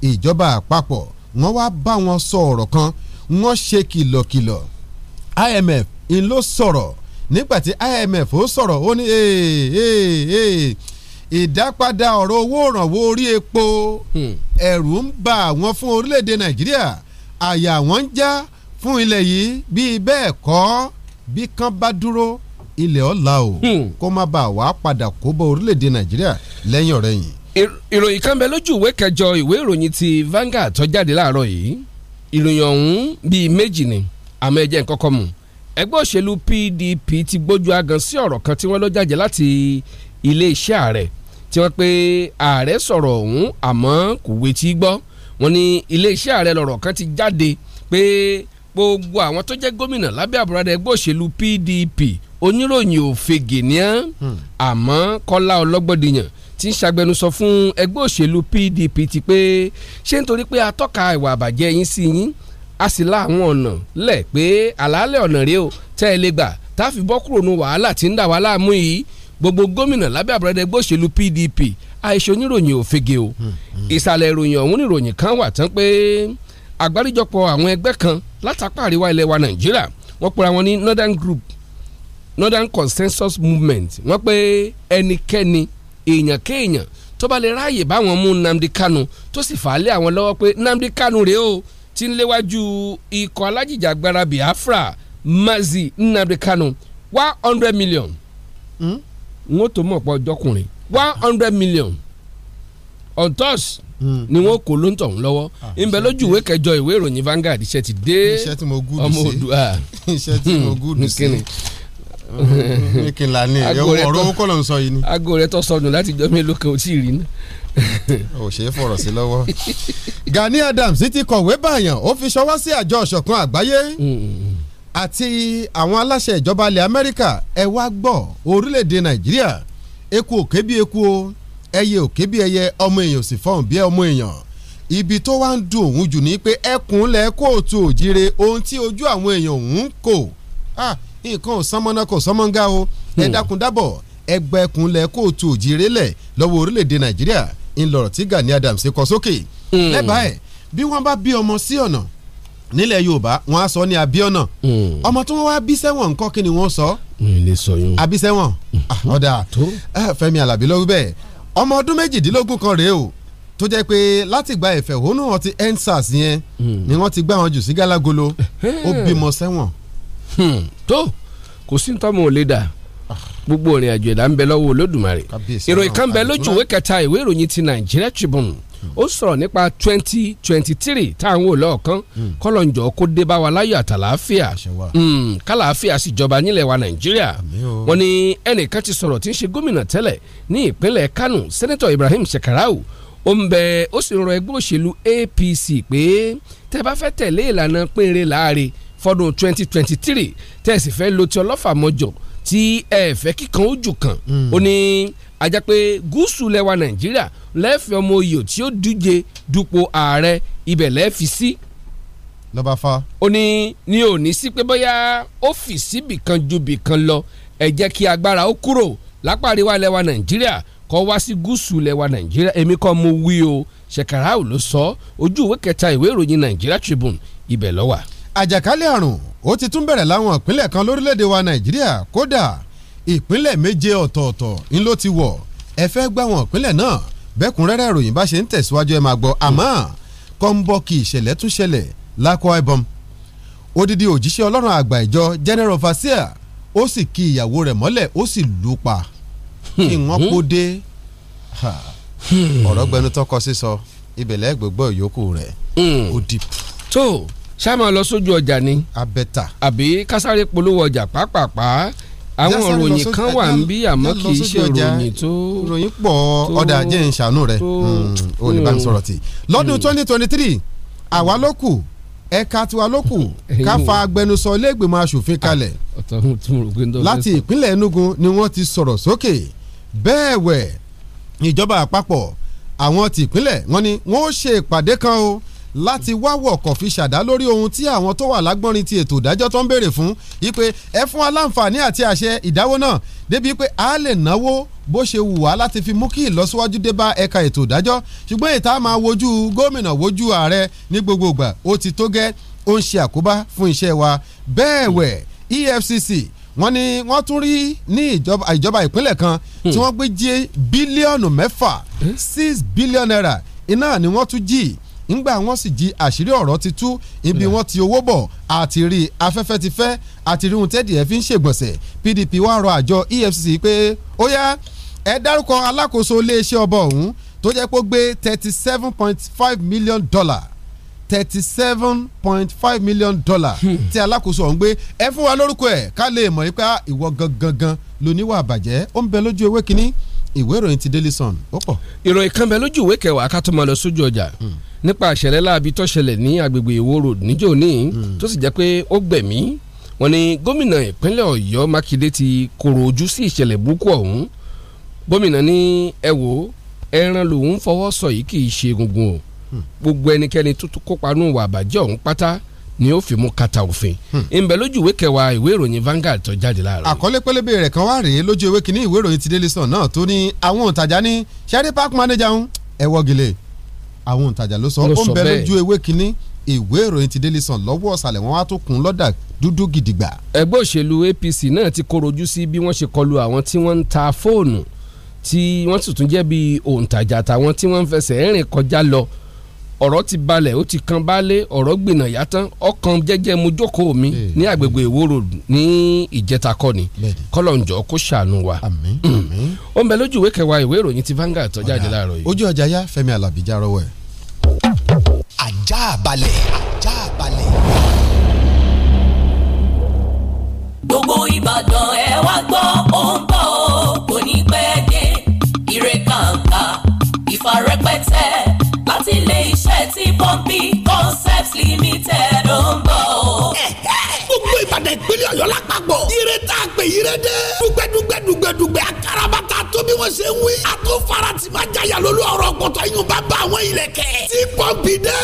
ìjọba àpapọ̀ wọ́n wá bá wọn sọ ọ̀rọ̀ kan wọ́n ṣe kìlọ̀kìlọ̀ IMF ń ló sọ̀rọ̀ nígbàtí IMF ó sọ̀rọ̀ ó ní ìdápadà ọ̀rọ̀ owó òrànwó orí epo hmm. ẹ̀rù ń bà wọ́n fún orílẹ̀-èdè Nàìjíríà àyà wọn ń já fún ilẹ̀ yìí bíi bẹ́ẹ̀ kọ́ bí kan bá dúró ilẹ̀ ọ̀la o hmm. kó má bàa wàá padà kó bọ orílẹ̀-èdè nàìjíríà lẹ́yìn ọ̀rẹ́yìn. ìròyìn kan bẹ lójú ìwé kẹjọ ìwé ìròyìn ti Vanguard tó jáde láàárọ̀ yìí ìròyìn ọ̀hún bíi méjì ni àmọ́ ẹ jẹ́ n kọ́kọ́ mú ẹgbẹ́ òṣèlú PDP ti gbójú agan sí ọ̀rọ̀ kan tí wọ́n lọ jáde láti iléeṣẹ́ ààrẹ tí wọ́n pe ààrẹ sọ̀rọ̀ ọ̀hún àmọ́ kò wetí gbọ́ wọn ní iléeṣẹ́ ààrẹ lọ̀rọ̀ kan ti jáde pé gbogbo àwọn tó jẹ́ gómìnà lábẹ́ àbúradà ẹgbẹ́ òṣèlú PDP oníròyìn òfegè ní án hmm. àmọ́ kọ́lá ọlọ́gbọ́dìyàn tí ń ṣàgbẹnusọ fún ẹgbẹ́ òṣèlú PDP ti pé ṣé nítorí pé atọ́ka ìwà àbàjẹ́ yín sí yín a sì la àwọn ọ̀nà lẹ̀ pé àlàálẹ̀ ọ̀nà rèé o tẹ́ ẹ lè gbà tá a fi bọ́ kúrò nu wàhálà tí ń dà wá láàmú yìí gbogbo gómìnà lábẹ́ àbúrẹ́dẹ ẹgbẹ́ òṣèlú PDP àìṣe oníròyìn òfegè o hmm, hmm. ìsàlẹ̀ ìròyìn ọ̀hún níròyìn kan wà tán pé àgbáríjọpọ̀ àwọn ẹgbẹ́ kan látàpá àríwá ilẹ̀ wa Nàìjíríà wọ́n pera wọn ní Northern Group northern consensus movement wọ́n pé ẹnikẹ́ni èèyàn kéèyàn tó bá lè ráàyè báwọn mú Nnamdi Kanu tó sì fà á lé àwọn lọ́wọ́ pé Nnamdi Kanu rèé o ti ń léwájú ikọ̀ alájìjàgbara Biafra Mazi Nnamdi Kanu one hundred million hmm? n ó tó mọ̀ pọ̀ ọjọ́kùnrin one hundred million ọ̀tọ́s hmm. ni wọn kò ló ń tọ̀hún lọ́wọ́ ah, ńbẹ lójú ìwé kẹjọ ìwé ìròyìn Vanguard iṣẹ́ ti dé ọmọ Oòduà iṣẹ́ tí mo gúdù sí kìlà ni ọ̀rọ̀ owó kọ́ ló ń sọ yìí ni. aago rẹ tó sọnù láti jọ mélòó kan ò tí ì rí ná. ò ṣeé fọ̀rọ̀ sí lọ́wọ́. Gani Adams ti kọ̀wé báyàn ó fi ṣọwọ́ sí àjọ ìṣọ̀kan àgbáyé mm. àti àwọn aláṣẹ ìjọba ilẹ̀ Amẹ́ríkà ẹ wá gbọ́ orílẹ̀-èdè Nàìjíríà eku òkè bí eku o ẹyẹ òkè bí ẹyẹ ọmọ èèyàn sì fọ́n bí ọmọ èèyàn ibi tó wá ń dùn òun jù ní pé ẹkùnlẹ̀ kóòtù òjire ohun tí ojú àwọn èèyàn òun kò ah, nǹkan ò sánmọ́ná kò sánmọ́ngá o ẹ hmm. dákun dábọ̀ ẹgbẹ́kunlẹ̀ kóòtù òjìrélẹ̀ lọ́wọ́ orílẹ̀‐èdè nàìjíríà ńlọrọ̀ tí Gani Adams kọ sókè hmm. lẹ́bàá ẹ̀ bí wọ́n bá bí ọmọ sí ọ̀nà nílẹ̀ yorùbá wọ́n á sọ ní abiona hmm. ọmọ tí wọ́n wá bí sẹ́wọ̀n nǹkan kí ni wọ́n sọ àbí sẹ́wọ̀n ah, ọ̀dà eh, Fẹ́mi Alábí lọ́wọ́ bẹ́ẹ̀ ọmọ ọdún méjìdínlógún kan rèé o tó jẹ́ pé láti gba ìfẹ̀hónú wọn ti endsars yẹn ni wọ́n ti gbá wọn jù sí gálágolo eh, eh. ó bímọ sẹ́wọ̀n Hmm. tó kò sí nítorí àwọn dà gbogbo òrìn àjò ẹ̀dá ń bẹ lọ́wọ́ olódùmarè ìròyìn kan bẹ lójú kẹta ìwé ìròyìn ti Nigeria Tribune ó sọ̀rọ̀ nípa twenty twenty three táwọn ò lọ́ọ̀kan hmm. kọ́lọ́njọ́ kó dé bá wa láyọ̀ àtàlàáfíà hmm. kálàáfíà sì jọba nílẹ̀ wa nàìjíríà wọn ni ẹnìkan ti sọ̀rọ̀ tí ń ṣe gómìnà ní ìpínlẹ̀ kánò sẹ́nẹ́tọ̀ ibrahim shekarau ó ń bẹ ó apc pé fẹ́ tẹ̀lé ìlànà péré fọdún 2023 tẹ̀sí fẹ́ lo ti ọlọ́fà mọ́jọ̀ tí ẹ fẹ́ kíkan ó jù kan hmm. ó ní ajá pé gúúsù lẹwa nàìjíríà lẹ́ẹ̀fẹ́ ọmọ oyè tí ó díje dupò ààrẹ ibẹ̀ lẹ́ẹ̀fi sí. lọ́ba fa. ó ní ní ò ní sí pé bóyá ọ́fíìsì bìkan ju bìkan lọ ẹ jẹ́ kí agbára ó kúrò lápá àríwá lẹwa nàìjíríà kọ́ wá sí gúúsù lẹwa nàìjíríà èmi kọ́ mo wí o ṣẹ̀kàrà ló sọ ojú ìwé kẹta ìwé ìròyìn nàìjíríà tribune ibẹ̀ ló àjàkálẹ̀ àrùn ó ti tún bẹ̀rẹ̀ láwọn ìpínlẹ̀ kan lórílẹ̀‐èdè wa nàìjíríà kódà ìpínlẹ̀ méje ọ̀tọ̀ọ̀tọ̀ ń ló ti wọ̀ ẹ fẹ́ gbá wọn ìpínlẹ̀ náà bẹ́kúnrẹ́rẹ́ ìròyìn bá ṣe ń tẹ̀síwájú ẹ máa gbọ́ àmọ́ kọ́ńbọ́ọ̀kì ìṣẹ̀lẹ̀ tún ṣẹlẹ̀ lákọ̀ ẹ̀bọ̀n odidi òjíṣẹ́ ọlọ́run àgbà ìjọ general overseer ó sì kí ìyàwó rẹ̀ mọ́lẹ̀ ó sì lù ú pa hmm. kí wọ́n kó dé hmm. ọ̀rọ̀ gbẹnutọ́kọ sísọ ibẹ̀ lẹ́gbẹ̀gbọ́ ìyókù rẹ̀ hmm. ó dìpọ̀ sáàmà lọ sójú ọjà ni abẹ́ta àbí kásáré polówó ọjà pàápàá àwọn òròyìn kan wà ń bí àmọ́ kì í ṣe òròyìn tó. òròyìn pọ̀ ọ̀dà jẹ́ ìṣàánú rẹ̀ ò hmm, ní bá mi sọ̀rọ̀ tì lọ́dún hmm. twenty twenty three àwa ló kù ẹ̀ka tiwa ló kù ká fa agbẹnusọ iléègbèmọ̀ asòfin kalẹ̀ ah, láti ìpínlẹ̀ Enugu ni wọ́n ti sọ̀rọ̀ sókè bẹ́ẹ̀ wẹ̀ ìjọba àpapọ̀ àwọn tìpínlẹ̀ wọ́n ní wọ́n ó ṣe ìpàdé kan o. Okay láti wáwọ̀ ọkọ̀ fi ṣàdá lórí ohun tí àwọn tó wà lágbọ́nrin ti ètò ìdájọ́ tó ń béèrè fún ipe ẹ fún wa láǹfààní àti àṣẹ ìdáwó náà débi pé a lè náwó bó ṣe wù wá láti fi mú kí ìlọsíwájú dé bá ẹ̀ka ètò ìdájọ́ ṣùgbọ́n ìta máa wojú gómìnà wojú ààrẹ ní gbogbo ìgbà ó ti tó gẹ́ ó ń ṣe àkóbá fún iṣẹ́ wa bẹ́ẹ̀ wẹ̀ EFCC wọ́n ní wọ́n tún rí ní ìjọba ìpínlẹ̀ kan tí wọ́n gbé jí bílíọ̀nù mẹ́fà hmm. six billion naira iná ni wọ́n tún jí ńgbà wọ́n sì jí àṣírí ọ̀rọ̀ ti tú ibi wọ́n ti owó bọ̀ àti rí afẹ́fẹ́ ti fẹ́ àti rí ohun tẹ́dì ẹ̀ fi ń ṣègbọ̀nsẹ̀ PDP wá rọ àjọ EFCC pé ó yá ẹ dárúkọ alákòóso iléeṣẹ́ ọba ọ̀hún tó jẹ́ pé ó gbé thirty seven point five million dollar thirty seven point five million dollar hmm. tí alákòóso ọ̀hún gbé ẹ fún wa lórúkọ ẹ̀ ká lè mọ̀ yípa ah, ìwọ gangan lóníwà àbàjẹ́ ó ń bẹ lójú ewé kínní ìwé ìròyìn ti Daily Sun ó pọ̀. ìròyìn kan bẹ lójú ìwé kẹwàá ká tó máa lọ sójú ọjà. Hmm nípa àṣẹlẹ láabi tó ṣẹlẹ̀ ní agbègbè Ìwó Road níjó ní hmm. tó sì jẹ́ pé ó gbẹ̀mí wọ́n ní gómìnà ìpínlẹ̀ Ọ̀yọ́ Mákindé ti kòrò ojú sí ìṣẹ̀lẹ̀ burúkú ọ̀hún gómìnà ní ẹ wò ẹran lòun fọwọ́ sọ yìí kì í ṣe egungun o hmm. gbogbo ẹnikẹ́ni tó kópa nù wà bàjẹ́ ọ̀hún pátá ni ó fi mú kàtà òfin. ìbẹ̀ hmm. lójú ìwé kẹwàá ìwé ìròyìn Vanguard tó jáde láàárọ̀. àkọlé pélébé rẹ̀ kan wá rèé lójú ìwé kìíní ìwé ìròyìn ti Daily Sun náà tó ní àwọn òǹtajà ní sherry park manager ń ẹ̀wọ́ àwọn òǹtajà ló sọ ó ń bẹ lójú ewé kínní ìwé ìròyìn ti Daily Sun lọ́wọ́ ọ̀sàlẹ̀ wọn á tó kún lọ́dà dúdú gidigba. ẹgbẹ́ òṣèlú APC náà ti korojú sí bí wọ́n ṣe kọlu àwọn tí wọ́n ń ta fóònù tí wọ́n sì tún jẹ́ bí òǹtajà àtàwọn tí wọ́n ń fẹsẹ̀ rìn kọjá lọ ọ̀rọ̀ ti balẹ̀ ó ti kan baálé ọ̀rọ̀ gbìnà yá tán ọkàn jẹ́jẹ́ mu jókòó mi ní agbègbè ìwòrò ní ìjẹta kọ́ni kọ́lọ̀njọ́ kó ṣàánú wa. àmín hmm. àmín. ó ń bẹ lójú ìwé kẹwàá ìwé ìròyìn ti Vanguard tó jáde láàárọ̀ yìí. ojú ọjà yá Fẹ́mi Alábí járọwọ ẹ. ajá balẹ̀ ajá balẹ̀. gbogbo Ìbàdàn ẹ wá gbọ́ ó ń bọ̀ ó kò ní pẹ́ dé ire kàǹkà ìfarẹ́pẹ́tẹ́ láti lè tí pọ́ǹpì concepts limited ó ń bọ̀ ìbàdàn ìpínlẹ̀ ọ̀yọ́ lápapọ̀ ire tá a pè ire dé dùgbẹ́dùgbẹ́ dùgbẹ́dùgbẹ́ akarabata tó bí ṣe ń wí a tó fara tí ma jaya lólu ọ̀rọ̀ pọ̀tọ́ yín bá bá àwọn ìlẹ̀kẹ̀ tí pọ́ǹpì dé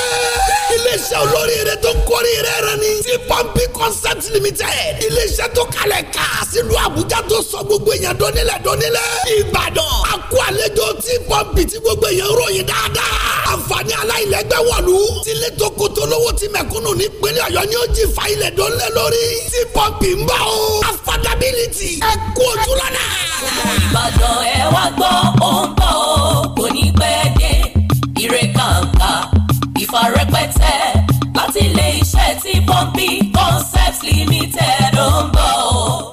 iléeṣẹ́ olórí ire tó ń kórè ire rẹ ni tí pọ́ǹpì concept limited iléeṣẹ́ tó kalẹ̀ ká sílùú àbújá tó sọ gbogbo èèyàn dọ́nílẹ̀ dọ́nílẹ̀ ìbàdàn a kó àlejò tí pọ́ǹpì tí gbogbo èèyàn ròyìn dáadáa àǹfààní aláìlẹ́gbẹ́ wọ̀lú lówó tí ni ó jì fa ilẹ̀ dọ́nílẹ̀ lórí City pọ́ǹpì ń bọ̀ o. affordability ẹ kú ojú lọ́nà. Ìbàdàn ẹ wá gbọ́ ó ń bọ̀ ó kò ní pẹ́ dé ire kàǹkà ìfarẹ́pẹ́tẹ́ láti ilé iṣẹ́ tí pọ́ǹpì concept. limited ó ń bọ̀ ó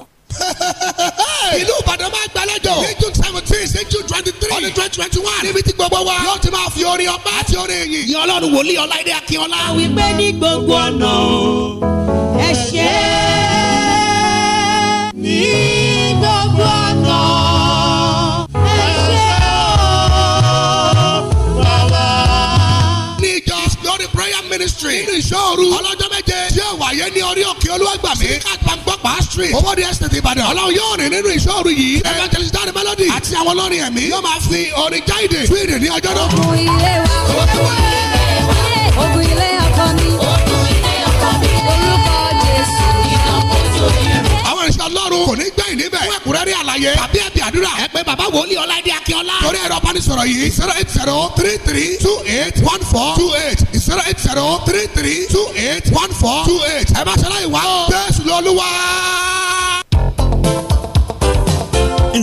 ìlú ìbàdàn máa gbàlejò ní june seventeen sí june twenty three ọdún twenty twenty one níbi tí gbogbo wa yóò ti máa fi orin ọba àti orin èyí ní ọlọ́run wòlíì ọláìdé akínọlá. àwìn pé ní gbogbo ọ̀nà ẹ ṣe é ministry. nínú ìṣòro ọlọ́jọ́ méje tí ó wáyé ní orí òkè olúwàgbà mi. síkà gbàngbọ́pà street. owó di estate ìbàdàn. ọlọ́run yóò rìn nínú ìṣòro yìí. evangelist dari melody àti àwọn olórin ẹ̀mí. yóò máa fi orin jáde. fíìrì ní ọjọ́ náà. ọkùnrin ilé wa wọ́n. yẹ. tàbí ẹbí àdúrà. ẹ pé bàbá wòlíì ọláìdé akíọ́lá. torí ẹ̀rọ ìbánisọ̀rọ̀ yìí zero eight zero three three two eight one four two eight zero eight zero three three two eight one four two eight. ẹ máa ṣe láì wá o. jésù lọ́lúwa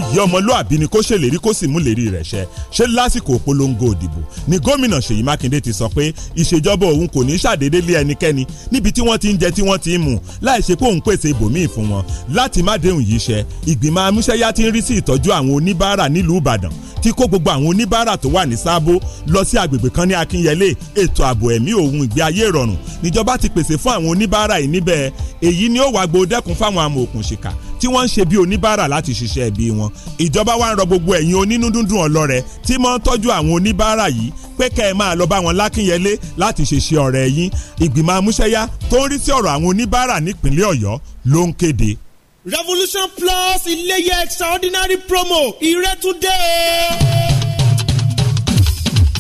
ìyá ọmọlúàbí ni kó ṣèlérí kó sì múlérí rẹ̀ ṣẹ ṣé lásìkò polongo òdìbò ni gómìnà Ṣèyí Mákindé ti sọ pé ìṣèjọba òun kò ní ṣàdédé lé ẹnikẹ́ni níbi tí wọ́n ti ń jẹ tí wọ́n ti ń mu láì ṣe pé òun pèsè ibòmíì fún wọn láti má déhùn yìí ṣẹ ìgbìmọ̀ amúṣẹ́yá ti ń rí sí ìtọ́jú àwọn oníbàárà nílùú Ìbàdàn ti kó gbogbo àwọn oníbàárà tó wà ní sáàbó lọ sí agbègbè kan ní Akínyẹlé ètò ààbò ẹ̀mí òun ìgbé ayé ìrọ̀rùn níjọba ti pèsè fún àwọn oníbàárà yìí níbẹ̀ èyí ni ó wàá gbòdẹ́kun fáwọn amòòkùnṣìkà tí wọ́n ń ṣe bí oníbàárà láti ṣiṣẹ́ ẹbí wọn ìjọba wa ń rọ gbogbo ẹ̀yin onínúdúndùn ọlọ́rẹ̀ tí máa ń tọ́jú àwọn oníbàárà yìí pé kẹ́ ẹ máa lọ bá wọn lákínyẹlé láti ṣèṣe ọ̀rẹ́ yín ìgbìmọ̀ amúṣẹ́yá tó ń rí sí ọ̀rọ̀ àwọn oníbàárà nípínlẹ̀ ọ̀yọ́ ló ń kéde. revolution plus iléyẹ extraordinary promo ìrẹ́túndé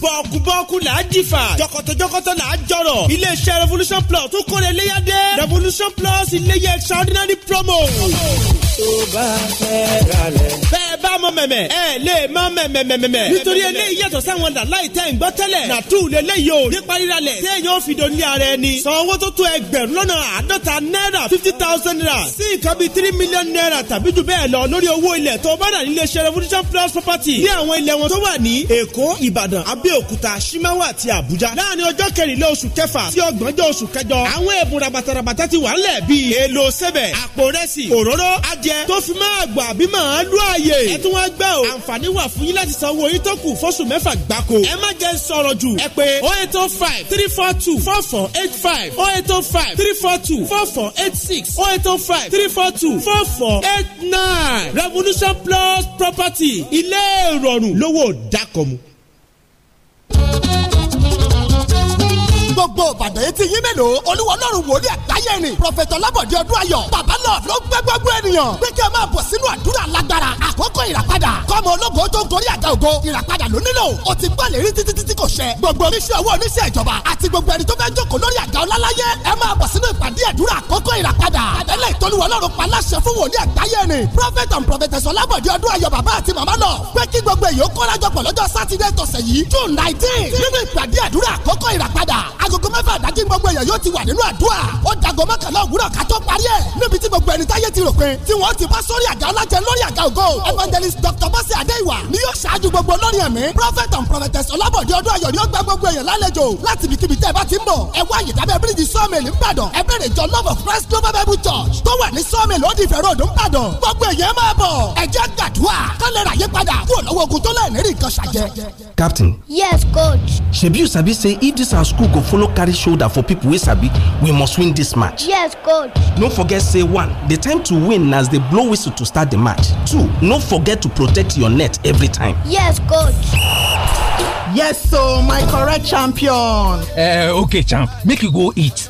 bọ́ọ̀kú-bọ́ọ̀kú là á jìfà jọkọ̀tọ̀jọkọ̀tọ̀ là á jọ̀rọ̀ iléeṣẹ́ revolution plus tó kọ́ni eléyàdé revolution plus iléyà extraordinary promo. Oh, oh tó bá fẹ́ ra lẹ̀. bẹ́ẹ̀ bá mọ mẹ̀mẹ̀ ẹ lè mọ mẹ̀mẹ̀mẹ̀mẹ̀. nítorí eléyìí yàtọ̀ sáwọn làláì tẹ́ ń gbọ́ tẹ́lẹ̀ nàtú lélẹ́yìí o nípa ríra lẹ̀ téèyàn ó fi dòní ara ẹni. san owó tó tó ẹgbẹ̀rún lọ́nà àádọ́ta náírà fifty thousand naira sí nǹkan bíi three million naira tàbí jù bẹ́ẹ̀ lọ lórí owó ilẹ̀ tó bá dà nílé ṣe revolution plus property ní àwọn ilẹ̀ wọn tó wà ní èkó ìbàdàn abẹ́òkúta ṣímáwá àti àbújá láàrin ọjọ́ kẹrìnlẹ́ oṣù kẹfà sí ọgbọ̀njọ́ oṣù kẹjọ àwọn ẹ̀bùn rabatarabata ti wà ńlẹ̀ bíi èlò sẹ́bẹ̀ àpò rẹ́sì òróró ag jẹ tó fi máa gbà bí màá lú àyè. ẹ tún wá gbẹ́ o àǹfààní wà fún yín láti san owó yín tó kù fọ́sùn mẹ́fà gbáko. ẹ má jẹ́ sọ̀rọ̀ jù ẹ pé oh eight oh five three four two four four eight five oh eight oh five three four two four four eight six oh eight oh five three four two four four eight nine revolution plus property ilé ìrọ̀rùn lówó dákọ̀mu gbogbo ìbàdàn etí yín mélòó olúwa ọlọ́run wòlíì àgbáyé ni prọfẹ̀tọ̀ lábọ̀dé ọdún ayọ̀ bàbá náà ló gbẹ́ gbogbo ènìyàn pé kí ẹ máa bọ̀ sínú àdúrà lágbára àkókò ìràpadà kọ́mọ ológo tó ń gorí àga ògo ìràpadà ló nílò o ti gbọ́ lérí títí títí kò ṣẹ gbogbo oníṣẹ́ owó oníṣẹ́ ìjọba àti gbogbo ẹni tó fẹ́ jókòó lórí àga ọlálàyé ẹ máa bọ̀ sínú ìpàdé àdúrà àkókò ìràpadà ni prophet and prophetess ọlábọ̀dé ọdún ayọ̀ bàbá àti màmá náà pé kí gbogbo èyí ó kọ́ra jọpọ̀ lọ́jọ́ sátidé tọ̀sẹ̀ yìí june nineteen nínú ìpàdé àdúrà àkókò agogo mẹ́fà dájí gbogbo èèyàn yóò ti wà nínú àdúrà ó dago mọ́kànlá òwúrọ̀ ká parí ẹ̀ níbi tí gbogbo ẹni táyé ti rò pé tí wọ́n ti bá sórí àga ọlájẹ lórí àga ògo evangelist dr bọ́sẹ̀ adéìwà ni yóò ṣáájú gbogbo lórin ẹ̀mí prophet and prophetess ọlábọ̀dé ọdún ayọ̀ ni ó gba gbogbo èèyàn lálejò láti bìkíbi tẹ́ ẹ bá ti ń bọ̀ ẹ wá àyèdábẹ́ captain. yes coach. shebi you sabi say if dis our school go follow carry shoulder for people. wey sabi we must win this match yes coach no forget say one The time to win na as they blow whistle to start the match two no forget to protect your net every time yes coach yes so my correct champion Uh, okay champ make you go eat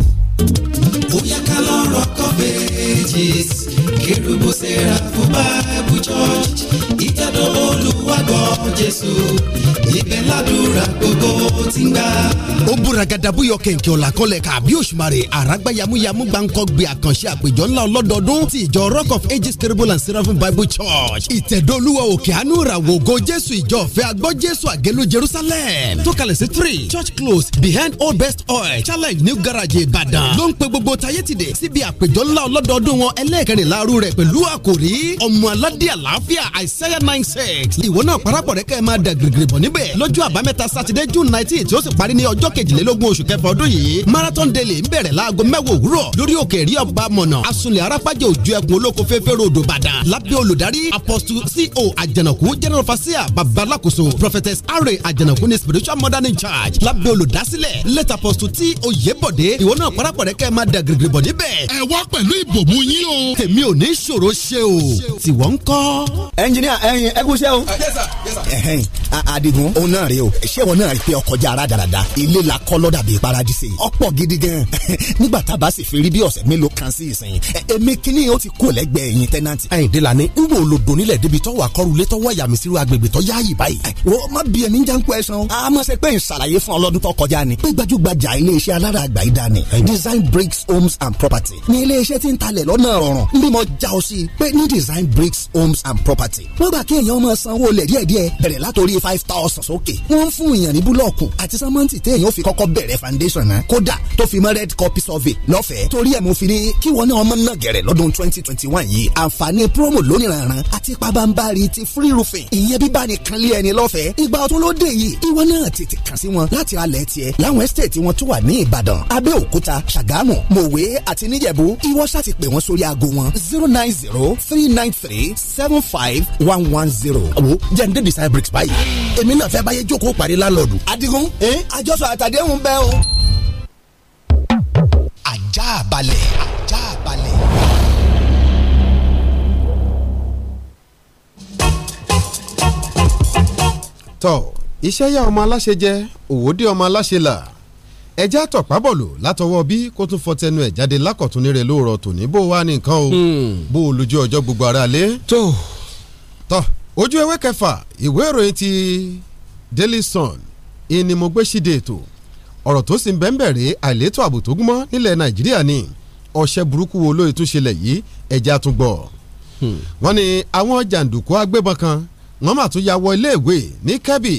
bóyá ká lọ́rọ̀ coverages kérúbù sẹ́ráfù bible church ìtẹ̀dọ̀ olùwàgbọ́ jésù ibẹ̀ ládùúrà gbogbo ti ń gbà. ó búra gàdàbúyọ kẹ̀kẹ́ ọ̀làkọlẹ̀ kàbí òṣùmàrè àràgbá yamuyamu gbàǹkọ́ gbé àkànṣe àpèjọ ńlá ọlọ́dọọdún ti ìjọ rock of ages kérúbù and Seraphim, bible church ìtẹ̀dọ̀ olúwa òkè àánú ìràwọ̀ ògo jésù ìjọ ọ̀fẹ́ agbọ́ jésù àgẹ́lú jerusalem tó kalẹ̀ sí three church close behind old best oil challenge new garage ìbàdàn mẹ́ta ah. ló ń pe gbogbo tayétìdè síbi àpèjọ ńlá ọlọ́dọọdún wọn ẹlẹ́ẹ̀kẹrìnlá arú rẹ̀ pẹ̀lú àkòrí ọmọ aládé àlàáfíà Isaiah nine six ìwọ náà parapọ̀ rẹ̀ kẹ́ ẹ máa dà gírígírí bọ̀ níbẹ̀ lọ́jọ́ àbámẹ́ta sátidé June nineteen tí ó sì parí ní ọjọ́ kejìlélógún oṣù kẹfà ọdún yìí marathon daily ń bẹ̀rẹ̀ láago mẹ́wàá òwúrọ̀ lórí òkè èrí ọba mọ̀nà asunlẹ̀ arápájẹ́ òjò ẹkùn olóko fẹ́fẹ́ ròdò bàdàn lábẹ́ olùdarí apọ́sù co àjànàkú general fasia prophetess are àjànàkú spiritual mother in charge lábẹ́ olùdásílẹ̀ lẹ́tà apọ́sù tí oyèbọ̀dé ìwọ náà para alákọ̀rẹ́ kẹ́ máa dàgìrìgìrì bọ̀ níbẹ̀. ẹ wá pẹ̀lú ìbòmú yín o. tèmi ò ní ṣòro ṣe o tìwọ́ ń kọ́. ẹnjiníà ẹyin ẹ kú iṣẹ́ o. ẹhìn adigun òun náà rè o ṣé wọn náà pe ọkọ̀ jára dáradára ilé la kọ́ lọ́dàbí paradise ọ̀pọ̀ gidi gan nígbà tá a bá sì fi rí bí ọ̀sẹ̀ mélòó kan sí ìsìn èmi kíní ó ti kú lẹ́gbẹ̀ẹ́ yín tẹ́nanti. Àyìndé la ní n wò ló donílẹ̀ débi tọ́wọ́ akọ́rùlé tọ́wọ́ yàmísírù agbègbè tọ́ yáàyè báyìí. wọ́n má bí ẹni jẹ́ ń kó ẹ̀sán. a máa ṣe pé ń ṣàlàyé fún ọlọ́dún tó kọjá ni. pé gbajúgbajà ilé iṣẹ́ alára àgbà yìí dání design bricks homes and property ní iléeṣẹ́ tí ń talẹ̀ lọ́nà ọ̀ràn ń bímọ já o sí pé ní design bricks homes and property wọ́n gbà kí èèyàn máa sanwó lẹ̀ díẹ̀díẹ̀ bẹ̀rẹ̀ látòrí five thousand sókè wọ́n ń fún èèyàn ní búlọ́ọ̀kù àti sẹ́mọ́ǹtì téèyàn fi kọ́kọ́ bẹ̀rẹ̀ foundation náà kódà tó fi mọ́ red copy survey lọ́fẹ̀ẹ́ torí ẹ̀ mo fi ní kí wọ́n ní ọmọ náà gẹ̀rẹ̀ lọ́dún twenty twenty one yìí àǹfààní promo lóníranran àti pabambari ti free roofing ìyẹn bíbá ni kan lé ẹni lọ́fẹ̀ẹ́ ìgbà ọ̀tún ló dé yìí ìwọ náà tètè kàn sí wọn láti alẹ̀ tiẹ̀ láwọn estate ṣàgámù mòwe àti níjẹ̀bú ìwọ ṣá ti pè wọ́n sórí aago wọn zero nine zero three nine three seven five one one zero. àwo jẹ́ndé design bricks báyìí èmi náà fẹ́ báyé jókòó parí lálọ́ọ̀dù. adigun àjọsọ àtàdéhùn bẹ́ẹ̀ o. ajá balẹ̀ ajá balẹ̀. tọ iṣẹ́ yá ọmọ aláṣẹ jẹ́ òwòdì ọmọ aláṣẹ là ẹjẹ́ àtọ̀pábọ̀lù látọwọ́ bí kó tún fọ tẹnu ẹ̀ jáde lákọ̀tún rẹ̀ lóòrọ̀ tòní bó wà nìkan o hmm. bó o lójú ọjọ́ gbogbo ara lé. tó ojú ewé kẹfà ìwé ìròyìn ti Daily Sun ìní mo gbé síde ètò ọ̀rọ̀ tó sì ń bẹ́ẹ̀ rèé àìlétò ààbò tó gúnmọ́ nílẹ̀ Nàìjíríà ni ọ̀ṣẹ́ burúkú wo ló ìtúnṣelẹ̀ yìí ẹ̀já tún gbọ́. Hmm. wọ́n ní àwọn jàǹdùkú agbébọn kan wọ́n mà tún ya wọ iléèwé ní Kẹ́bì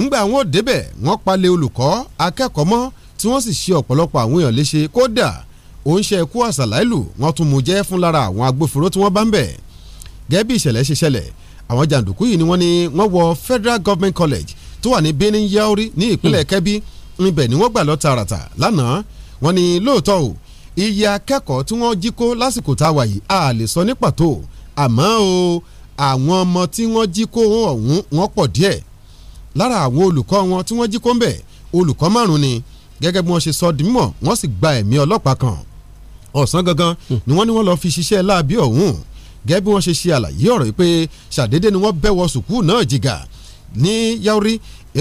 ńgbà wọn ò débẹ̀ wọ́n palẹ̀ olùkọ́ akẹ́kọ̀ọ́ mọ́ tí wọ́n sì ṣe ọ̀pọ̀lọpọ̀ àwọn èèyàn léṣe kódà ó ń ṣe ikú àṣàláìlù wọ́n tún mú jẹ́ fún lára àwọn agbófinró tí wọ́n bá ń bẹ̀ gẹ́gẹ́ bí ìṣẹ̀lẹ̀ ṣe ṣẹlẹ̀ àwọn jàǹdùkú yìí ni wọ́n ní wọ́n wọ Federal Government College tó wà ní Benin Yauri ní ìpínlẹ̀ hmm. Kebbi ibẹ̀ ni wọ́n gbà lọ tààràtà lánàá wọ́n ní lóòótọ́ o iye akẹ́kọ̀ọ́ tí wọ́n jí kó lásìkò tá a wà yìí a lè sọ ní pàtó àmọ́ o àwọn ọmọ tí wọ́n jí kó ọ̀hún pọ̀ díẹ̀ lára àwọn olùkọ́ wọn tí wọ́n jí kó ń olùkọ́ márùn-ún ni gẹ́gẹ́ bí wọ́n ṣe sọ di mímọ̀ wọ́n sì gba ẹ̀mí ọlọ́pàá kan ọ̀sán gangan ni wọ́n ní wọ́n lọ́ọ́ fi ṣiṣẹ́ láabi ọ̀hún gẹ́gẹ́ bí wọ́n ṣe ṣe àlàyé ọ̀rọ̀ yìí pé ṣàdédé ni wọ́n bẹ̀wọ̀ sùkúù náà jìgà ní Yauri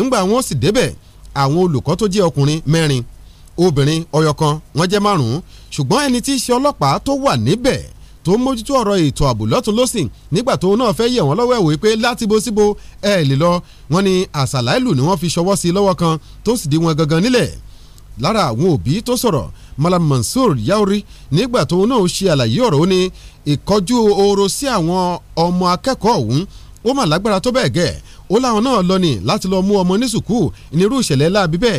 ńgbà wọ́n sì débẹ̀ àwọn olùkọ́ tó jẹ́ ọkùnrin mẹ́rin obìnrin ọyọ kan wọ́n jẹ́ márùn-ún ṣùgbọ́n ẹni tí í ṣe ọlọ́pàá tó wà níbẹ̀ tó ń mójútó ọ̀rọ̀ ètò ààbò lọ́tún lọ́sìn nígbà tó náà fẹ́ yẹ̀ wọ́n lọ́wọ́ ẹ̀wò pé láti bo síbo ẹ̀ lè lọ wọ́n ní àṣàláìlù ni wọ́n fi ṣọwọ́ sí lọ́wọ́ kan tó sì di wọn gangan nílẹ̀ lára àwọn òbí tó sọ̀rọ̀ Malam Mansour yaori, nígbà tóun náà ṣe àlàyé ọ̀rọ̀ ó ní ìkọjú ooro sí àwọn ọmọ akẹ́kọ̀ọ́ ọ̀hún ó mà lágbára tó bẹ́ẹ̀ gẹ́ ó láwọn náà lọ ní láti lọ mú ọmọ ní sùkúù nírú ìṣẹ̀lẹ̀ láàbí bẹ́ẹ̀